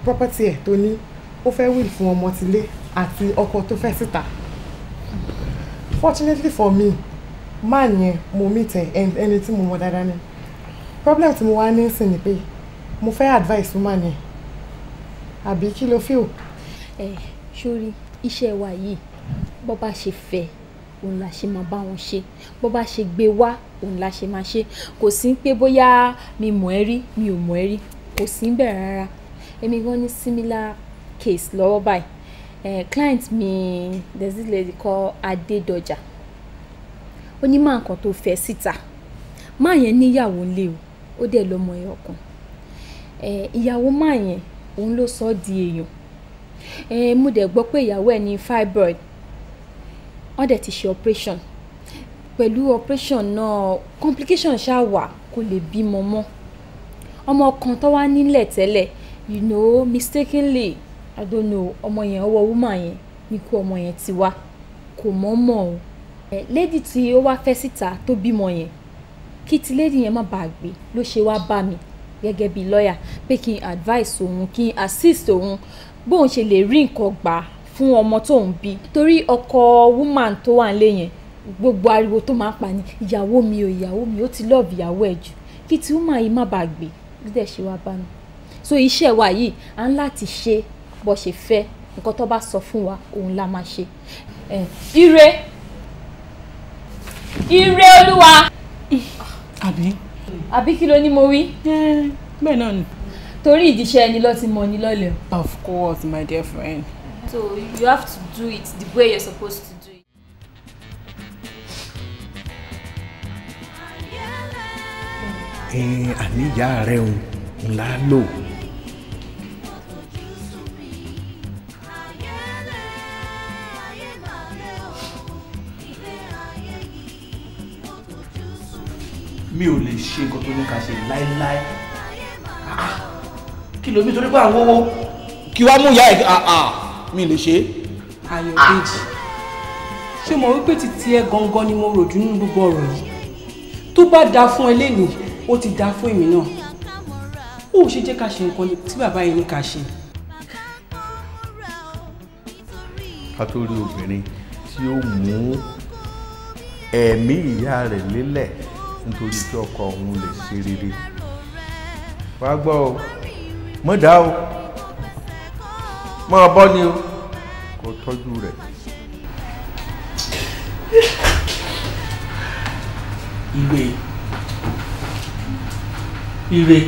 property ẹ̀ tó ní ó fẹ́ wíìlì fún ọmọ tilé àti ọkọ tó fẹ́ síta fortunately for me máa yẹn mo meet ẹ ẹni tí mo mọ dáadáa ni problem tí mo wá ní sìn ni pé mo fẹ́ advice fún máa yẹn àbí kí ló feel. ẹ sórí iṣẹ́ wa yìí bó bá ṣe fẹ́ òun la ṣe máa bá wọn ṣe bó bá ṣe gbé wá òun la ṣe máa ṣe kò sí pé bóyá mi mọ̀ ẹ́ rí mi ò mọ̀ ẹ́ rí kò sí bẹ́ẹ̀ rárá èmi gan ní similar case lọ́wọ́ báyìí eh, client mi there's this lady called Adédọjà ó ní máa nǹkan tó fẹ́ síta máa yẹn níyàwó ńlé o ó dẹ̀ lọ́mọ ẹ̀ ọkàn eh, ìyàwó máa yẹn òun ló sọ ọ́ di èèyàn eh, mo dẹ̀ gbọ́ pé ìyàwó ẹ̀ ní fibroid wọ́n dẹ̀ ti ṣe operation pẹ̀lú operation náà complication ṣáà wà kó lè bímọ mọ́ ọmọ kan tó wá nílẹ̀ tẹ́lẹ̀ you know mistakenly I don't know ọmọ yẹn ọwọ́ woman yẹn ni kó ọmọ yẹn ti wá kò mọ̀ mọ̀ o eh, lady tí ó wá fẹ́ síta tó bímọ yẹn kí ti lady yẹn má bàa gbé ló ṣe wá bá mi gẹ́gẹ́ bíi lọ́ọ̀yà pé kí n advice òun kí n assist òun bóun ṣe lè rí nǹkan gbà fún ọmọ tóun bí torí ọkọ woman tó wà nílé yẹn gbogbo ariwo tó máa ń pa ni ìyàwó mi o ìyàwó mi ó ti love ìyàwó ẹ̀ jù kí ti woman yìí má bàa gbé ló dẹ̀ ṣe wá bá mi so iṣẹ́ wa yìí à ń láti ṣe bó ṣe fẹ́ nǹkan tó bá sọ fún wa òun la máa ṣe. ire ire olúwa. àbí. àbí kí ló ní mo wí. bẹ́ẹ̀ náà ni. torí ìdíṣẹ́ ẹni ló ti mọ ni lọ́lẹ̀. of course my dear friend. so you have to do it the way you're supposed to do it. ẹ àníyá rẹ òun ńlá lò. mi ò lè ṣe nǹkan tó ní ká ṣe láéláé ah, kí ló mi torí pé àwọn owó kí wàá mú ìyá ẹ ah, ah, mi lè ṣe. ayọ̀ kejì ṣé mo wípé títí ẹ gangan ni mo ròjú nínú gbogbo ọ̀rọ̀ yìí tó bá dáa fún eléyìí ó ti dáa fún èmi náà ó ṣe jẹ́ ká ṣe nǹkan tí bàbá yìí ní ká ṣe. ká tó rí obìnrin tí ó mú ẹ̀mí ìyá rẹ̀ lélẹ̀ nítorí kí ọkọ òun lè ṣe rere wàá gbọ́ ọ mọ̀dá o mọ̀ ọbọ̀ ni o kò tọ́jú rẹ̀. ire ire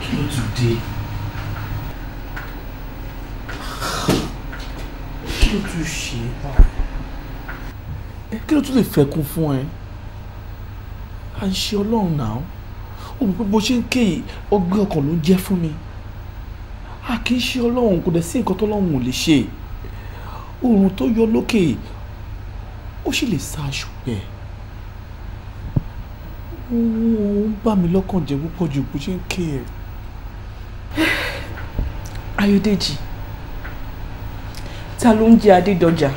kí ló tún dé kí ló tún ṣe kí ló tún lè fẹkún fún ẹ à ń ṣe ọlọ́run náà ó mọ̀ pé bó ṣe ń ké ọgbẹ́ ọkàn ló jẹ́ fún mi a kì í ṣe ọlọ́run kò dẹ̀ sí nǹkan tọ́lọ́run ò lè ṣe oòrùn tó yọ lókè ó sì lè sa aṣọ pẹ́ ó ń bà mí lọ́kàn jẹ́ púpọ̀ ju bó ṣe ń ké <sighs> Ayọ̀dèjì ta ló ń jẹ́ Adédọjà.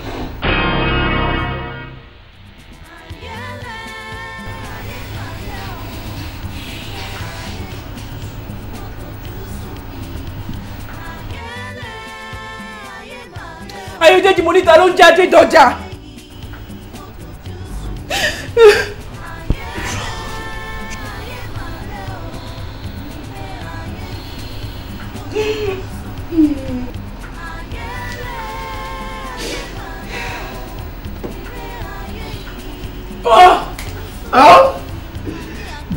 mo níta ló ń jáde dọjà.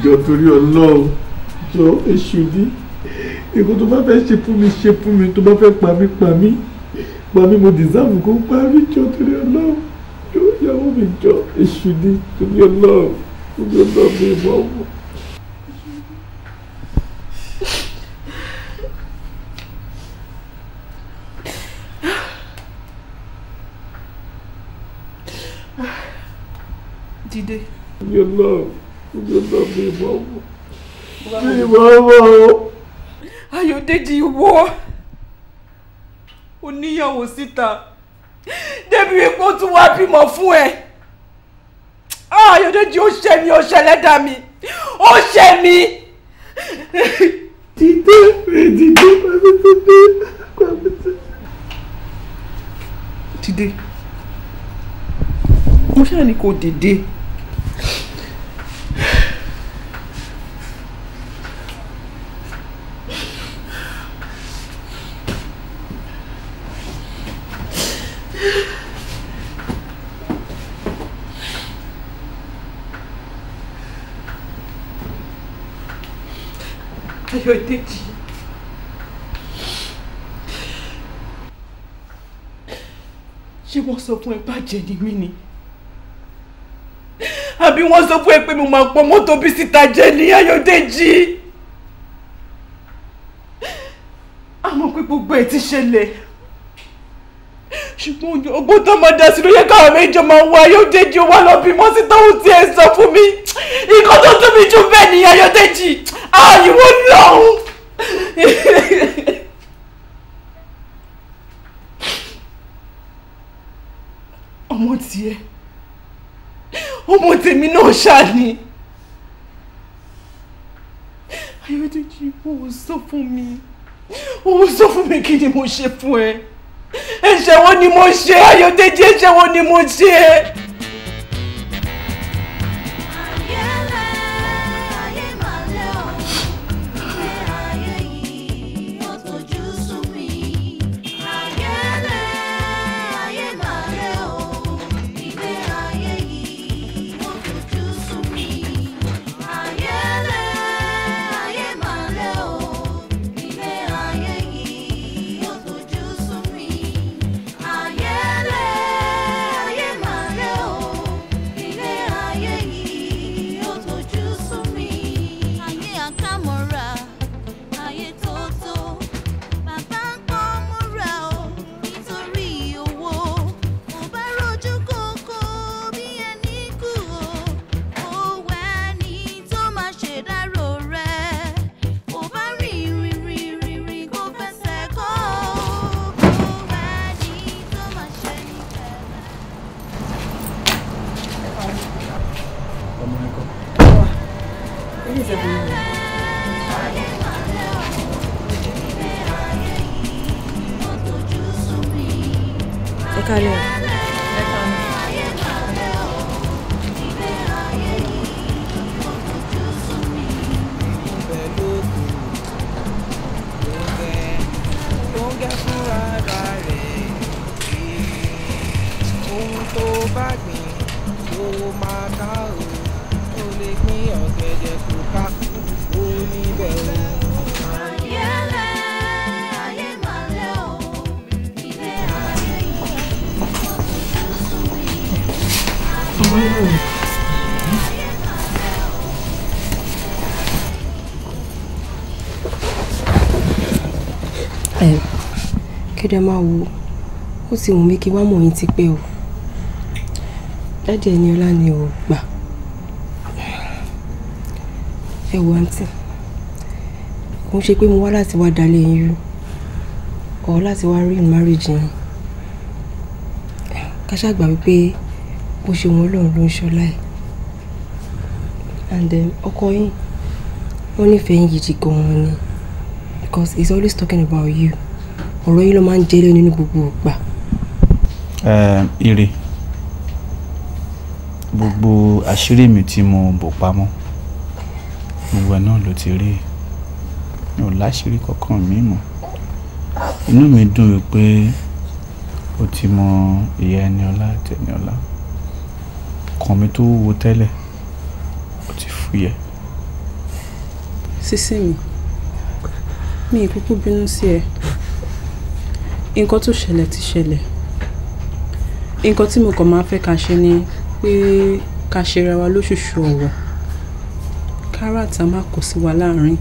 jọ torí Ọlọ́run jọ èṣù ní èkó tó bá fẹ́ ṣe fún mi ṣe fún mi tó bá fẹ́ pa mí pa mí pa mí mo dìsáàbù kó pa mí jọ torí ọlọ́run jọ ìyàwó mi jọ èṣù ni torí ọlọ́run torí ọlọ́run mi mọ̀ ọ́. Dìde. Torí ọlọ́run torí ọlọ́run mi mọ̀ ọ́. Mi mọ̀ ọ́. Ayọ̀dèjì wọ́ ó níyàwó síta débi wípé ó tún wá bímọ fún ẹ ah, ayọ̀dẹ́jì ó ṣe mí ó ṣẹlẹ́dà mi ó ṣe mí. dídé dídé pàmí dídé pàmí dídé. dídé mo ṣáà ní kò dìde. que eu entendi. Ṣé wọ́n sọ fún ẹ bàjẹ́ ni mí ni? Àbí wọ́n sọ fún ẹ pé mo máa pọ mọ́tò bí síta jẹ́ ní Ayọ̀dèjì? Àmọ́ pé gbogbo ẹ̀ ti ṣẹlẹ̀. Ṣùgbọ́n ọgbọ́n tó máa dá sí ló yẹ káwọn méjì máa wá Ayọ̀dèjì wá lọ bímọ síta ohun tí ẹ sọ fún mi. Ìkan tó tún mi jù bẹ́ẹ̀ ni Ayọ̀dèjì. Ah, you would know! ọmọ tiẹ̀ ọmọ tèmi náà ṣáàní ayọ̀dèjì ò sọ fún mi ò sọ fún mi kí ni mo ṣe fún ẹ ẹ̀ṣẹ̀ wo ni mo ṣe ayọ̀dèjì ẹ̀ṣẹ̀ wo ni mo ṣe. kéde máa wo ó ti wù mí kí wá mọ̀ yín ti pé o dáàdì ẹni ọlá ni ò gbà ẹ wọ àǹtí kò ń ṣe pé mo wá láti wá dalẹ̀ yín rú láti wá rí marriage yín ká ṣàgbà wípé bó ṣe wọn lòun ló ń ṣọlá ẹ̀ and then ọkọ yín wọ́n nífẹ̀ẹ́ yín gidi gan-an ni because he's always talking about you ọ̀rọ̀ yìí ló máa ń jẹ́lé nínú gbogbo ìgbà. ire gbogbo àṣírí mi tí mo bò pamọ́ gbogbo ẹ̀ náà ló ti rí mi ò láṣìírí kankan mi mọ́ inú mi dùn pé o ti mọ ìyá Ẹniọlá àti Ẹniọlá ọkàn mi tó wúwo tẹ́lẹ̀ o ti fúyẹ́. sísè mi mi ì kúkú bínú sí ẹ nǹkan tó ṣẹlẹ̀ ti ṣẹlẹ̀ nǹkan tí mo kàn máa fẹ́ ká ṣe ni pé ká ṣera wa lóṣooṣù ọ̀wọ̀ káràtà má kò sí wa láàrin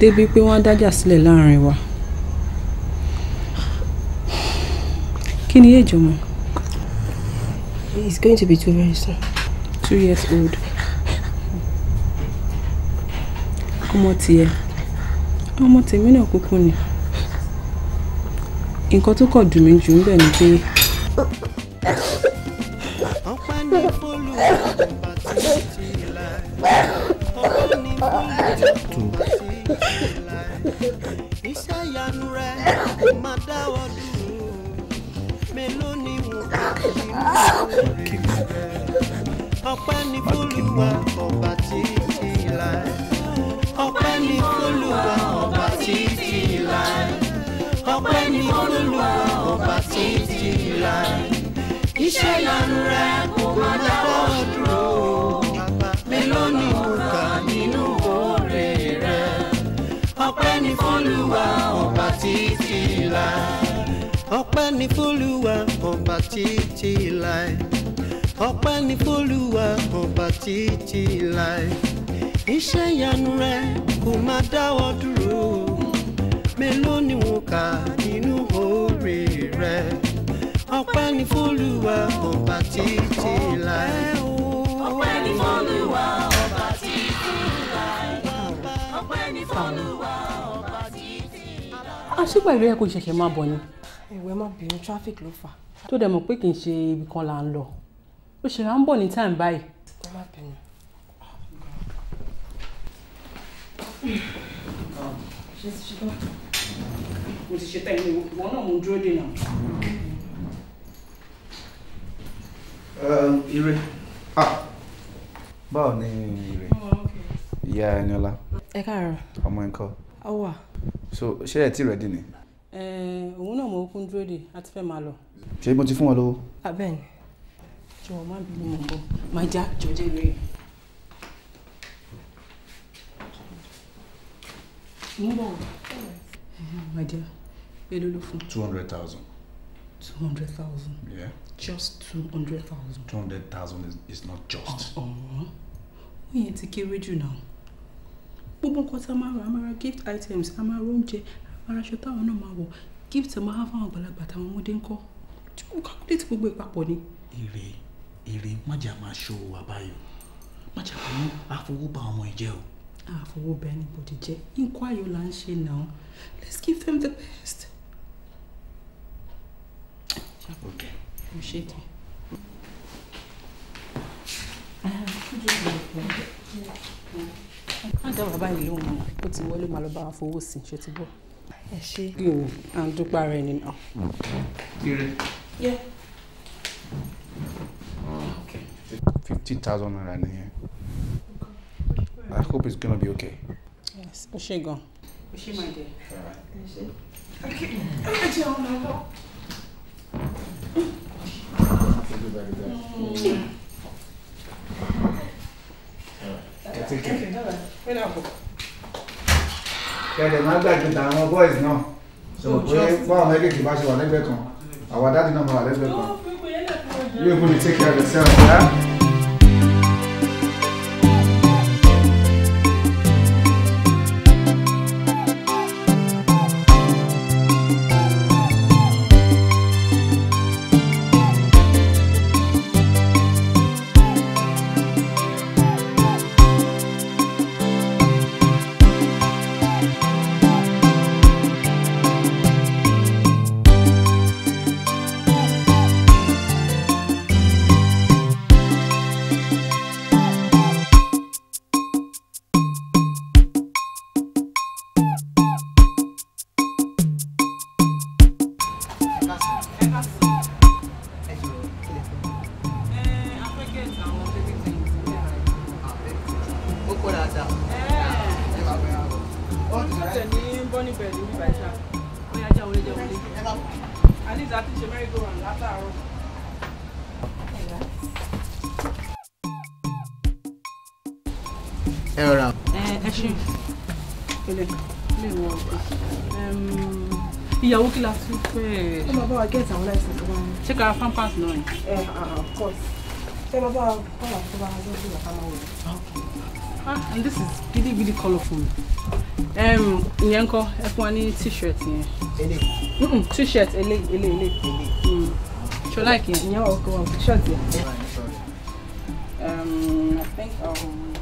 débi pé wọ́n á dájà sílẹ̀ láàrin wa. kí ni èjò mọ́. he's going to be two very soon. two years old. ọmọ tiẹ̀ ọmọ tèmi náà kúkú ni nǹkan tó kàn dùn mí jù ń bẹ̀ ni pé. ọpẹ́ iṣẹ́ ìyanu rẹ kò má dáwọ́ dúró mélòó ni mo kà nínú oore rẹ ọpẹ́ ni fọ́lùwà ọba títí láì. ọpẹ́ ni fọ́lùwà ọba títí láì. ọpẹ́ ni fọ́lùwà ọba títí láì. iṣẹ́ ìyanu rẹ kò má dáwọ́ dúró mélòó ni mo kà nínú oore rẹ ọpẹ́ ni f'Olúwa ọba títí láì. ọpẹ́ ni f'Olúwa ọba títí láì. ọpẹ́ ni f'Olúwa ọba títí láì. àṣìgbà ìlú yẹ kó ṣẹ̀ṣẹ̀ máa bọ̀ ni. ẹ̀wẹ̀ má bínú traffic ló fà. tó dẹ̀ mọ̀ pé kì í ṣe ibì kan là ń lọ ó ṣe à ń bọ̀ ní time báyìí. ṣe ti ṣe tán. mo ti ṣe tán ìwọ náà mo dúró dè náà. Um, ire ah báwo ni ire oh, ìyá Ẹniọlá ẹ káàárọ̀ ọmọ nǹkan ọ wà so ṣé ẹ ti rẹ̀dí ni. Eh, òun náà mo kún dúró de a ti fẹ́ máa lọ. ṣé mo ti fún wọn lówó. abẹ́ni ah, jọ̀wọ́ má bínú mọ̀ bọ́ máa já jọjẹ́ rẹ̀. mo ń bọ̀ wá. my dear èló ló fún. two hundred thousand. two hundred thousand. yeah just two hundred thousand. two hundred thousand is, is not just. Oh, uh-huh. we yẹn to kéré jù náà gbogbo nǹkan tá a máa gift items a máa ra oúnjẹ a máa ra aṣọ táwọn náà máa wọ̀ gift a máa fáwọn àgbàlagbà táwọn ọmọdé ń kọ́ tí mo calculate gbogbo ìpapọ̀ ni. èrè èrè májà máa ṣòwò àbáyọ májà kò mú àfọwọ́bà ọmọ o. àfọwọ́bà ẹni bòdì jẹ́ nǹkan ayọ̀ là ń let's give them the best. okay appreciate it. Ọ̀dọ̀ bàbá yìí ló mọ̀ ó ti wọlé màá lọ bá wa fowó sí ṣe ti bọ̀. Ẹ ṣe. Yóò à ń dúpẹ́ ara ẹni náà. Ire. Yẹ. Fifty thousand naira nìyẹn. I hope it's gonna be okay. Yes, ó ṣe gan. Ó ṣe máa dé. Ẹ ṣe. Ẹ jẹ́ ọ̀nà lọ do better than that. Mm. máa gbàgbé tàwọn boys náà so pé báwọn méjèèjì bá ṣe wà lẹ́gbẹ̀ẹ́ kan Our daddy number. máa wà lẹ́gbẹ̀ẹ́ kan you go dey take care of yourself. Yeah? náà ni. ẹ of course ṣé bàbá kọ́là tó bá wọlé sí ìyàpá máa wọlé. ah and this is gidi gidi colourful ìyẹn ńkọ́ T shirt. wa ní t-shirt yẹn. ele t-shirt ele ele ele. Mm. ṣo láìkì yẹn ìyẹn ọkọ t-shirt yẹn. Um, I think um,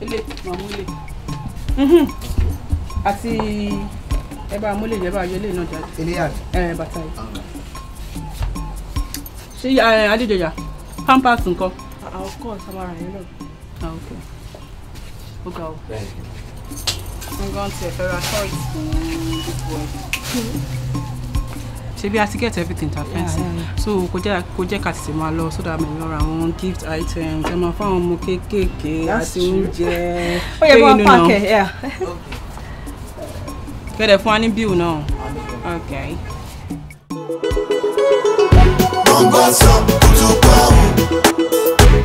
ele mamu ele mm-hmm. àti ẹ bá amúlẹ̀ yẹn bá yọ ilé náà jáde. ilé yàrá. ẹ bàtà yìí. Ah, ṣé adéjọjà pampers nǹkan. Ah, of course samara yẹn náà. ok ó ga o. nǹkan tiẹ̀ fẹ́ ra toys fún gbogbo ṣebí a ti get everything ta fẹ́ǹsì so kò jẹ́ kò jẹ́ ká tètè máa lọ sódà mi lọ́ra àwọn gift items ẹ máa fáwọn ọmọ kéékèèké àti oúnjẹ ó yẹ kó wá pàkẹ́ kẹ́dẹ̀ fún wa ní bíl náà okay don go sub kutu pọ̀hún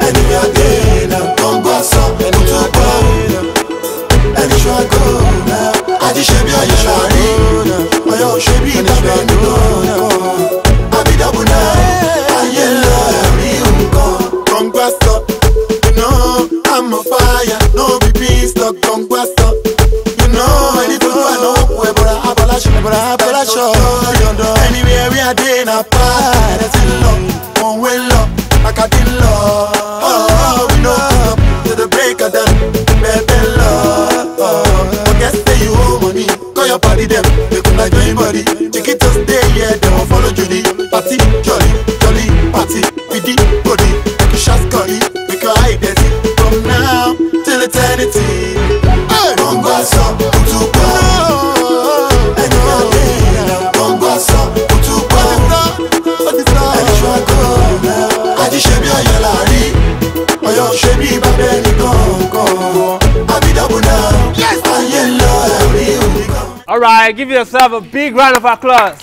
ẹni adé na don go sub kutu pọ̀hún na àti ṣe bí ọyẹ ṣàrí ọyọ ṣe bí ìdàgbẹ́ right, give yourself a big round of applause.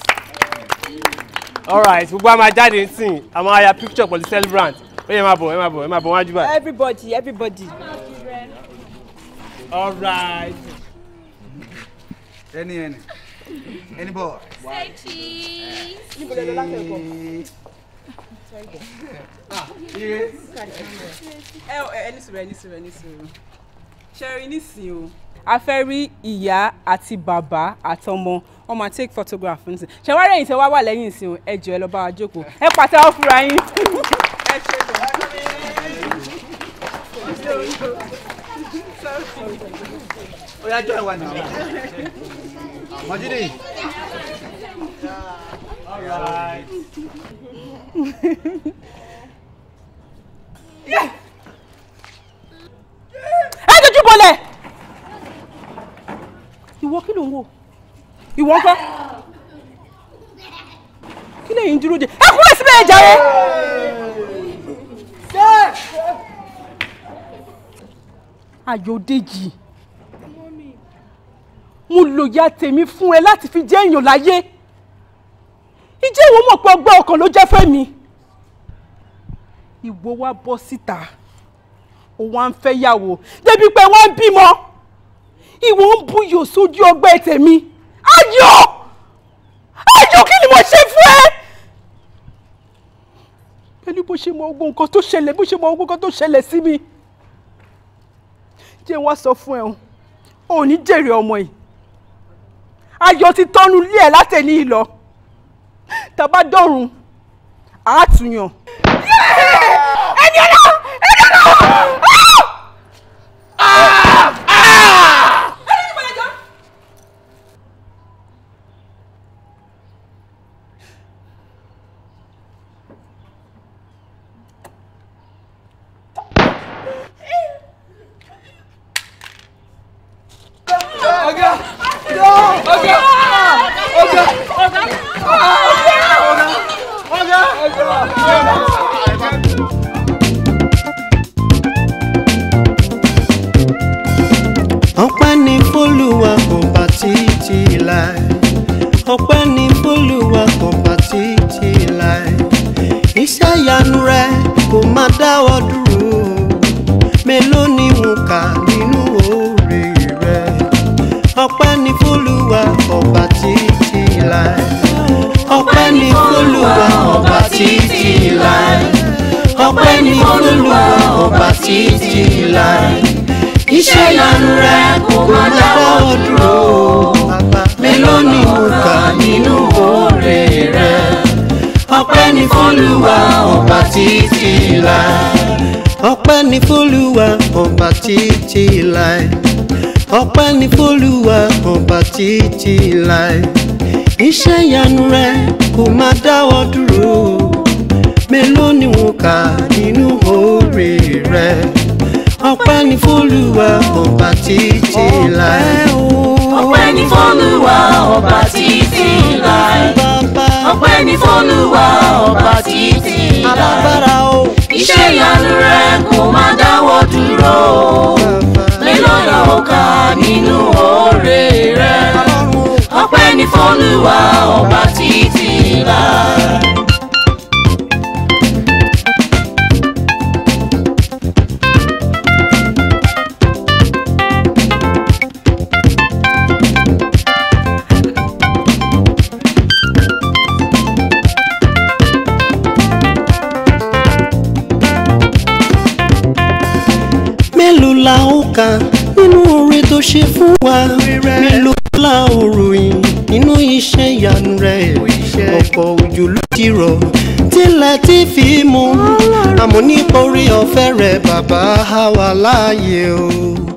All right, gbogbo àmà jáde ń sìn, àmà àyà picture pẹ̀lú celebrant. Ó yẹ máa bọ̀, ẹ máa bọ̀, my boy, bọ̀ wájú báyìí. Everybody, everybody. All right. Any, any, any boy. Say cheese. Níbo lè lọ láti ẹ̀kọ́? Ẹ ẹni sùúrù any sùúrù ẹni sùúrù. Ṣé rí nísìnyí a fẹ́ rí ìyá àti bàbá àtọmọ wọ́n máa take photograph ní sìn ṣe wá rẹ̀yìn tí wá wà lẹ́yìn sí o ẹ jọ ẹ lọ bá wa jókòó ẹ pàtẹ́wọ́ fúnra yín. ẹ ṣe lọ. ó yá jọ ìwọ kí ló ń wò ìwọ ń kọ́ kí lẹ́yìn dúró de ẹ kúrò síbẹ̀ ẹ̀já rẹ. Ayọ̀dèjì mo lò ya tèmi fún ẹ láti fi jẹ́ èèyàn láyé ìjẹ́ ìwọ mọ̀ pé ọgbẹ́ ọkàn ló jẹ́ fẹ́ mi ìwọ wa bọ́ síta ó wá ń fẹ́ yàwó débi pé wọ́n ń bímọ ìwọ ń buyọ̀ sójú ọgbẹ́ tèmi ayọ̀ ayọ̀ kí ni mo ṣe fún ẹ. pẹ̀lú bó ṣe mọ ogun nǹkan tó ṣẹlẹ̀ bó ṣe mọ ogun nǹkan tó ṣẹlẹ̀ sí mi jẹ́ wá sọ fún ẹ o ò ní jèrè ọmọ yìí ayọ̀ ti tọ́nu lé ẹ̀ látẹ̀lé ìlọ tàbá dọ̀run àátúnyàn. ẹni ọlọ́run ẹni ọlọ́run. iṣẹ́ ìyanu rẹ kò má dáwọ́ dúró mélòó ni mo kà nínú oore rẹ ọpẹ́ ni fọ́lùwà ọba títí láì. ọpẹ́ ni fọ́lùwà ọba títí láì. ọpẹ́ ni fọ́lùwà ọba títí láì. iṣẹ́ ìyanu rẹ kò má dáwọ́ dúró mélòó ni mo kà nínú oore rẹ ọpẹ́ ní fólúwa ọba títí láì. ọpẹ́ ní fólúwa ọba títí láì. ọpẹ́ ní fólúwa ọba títí láì. iṣẹ́ ìyanu rẹ̀ kò má dáwọ́ dúró. lélọ́yà ọ̀ka nínú oore rẹ̀. ọpẹ́ ní fólúwa ọba títí láì. kà nínú oore tó ṣe fún wa nílò ọlá òròyìn nínú iṣẹ́ ìyanu rẹ̀ ọ̀pọ̀ òjò ló ti rọ̀ tilẹ̀ ti fi mú àmọ́ orí ọ̀fẹ́ rẹ̀ bàbá á láàyè o.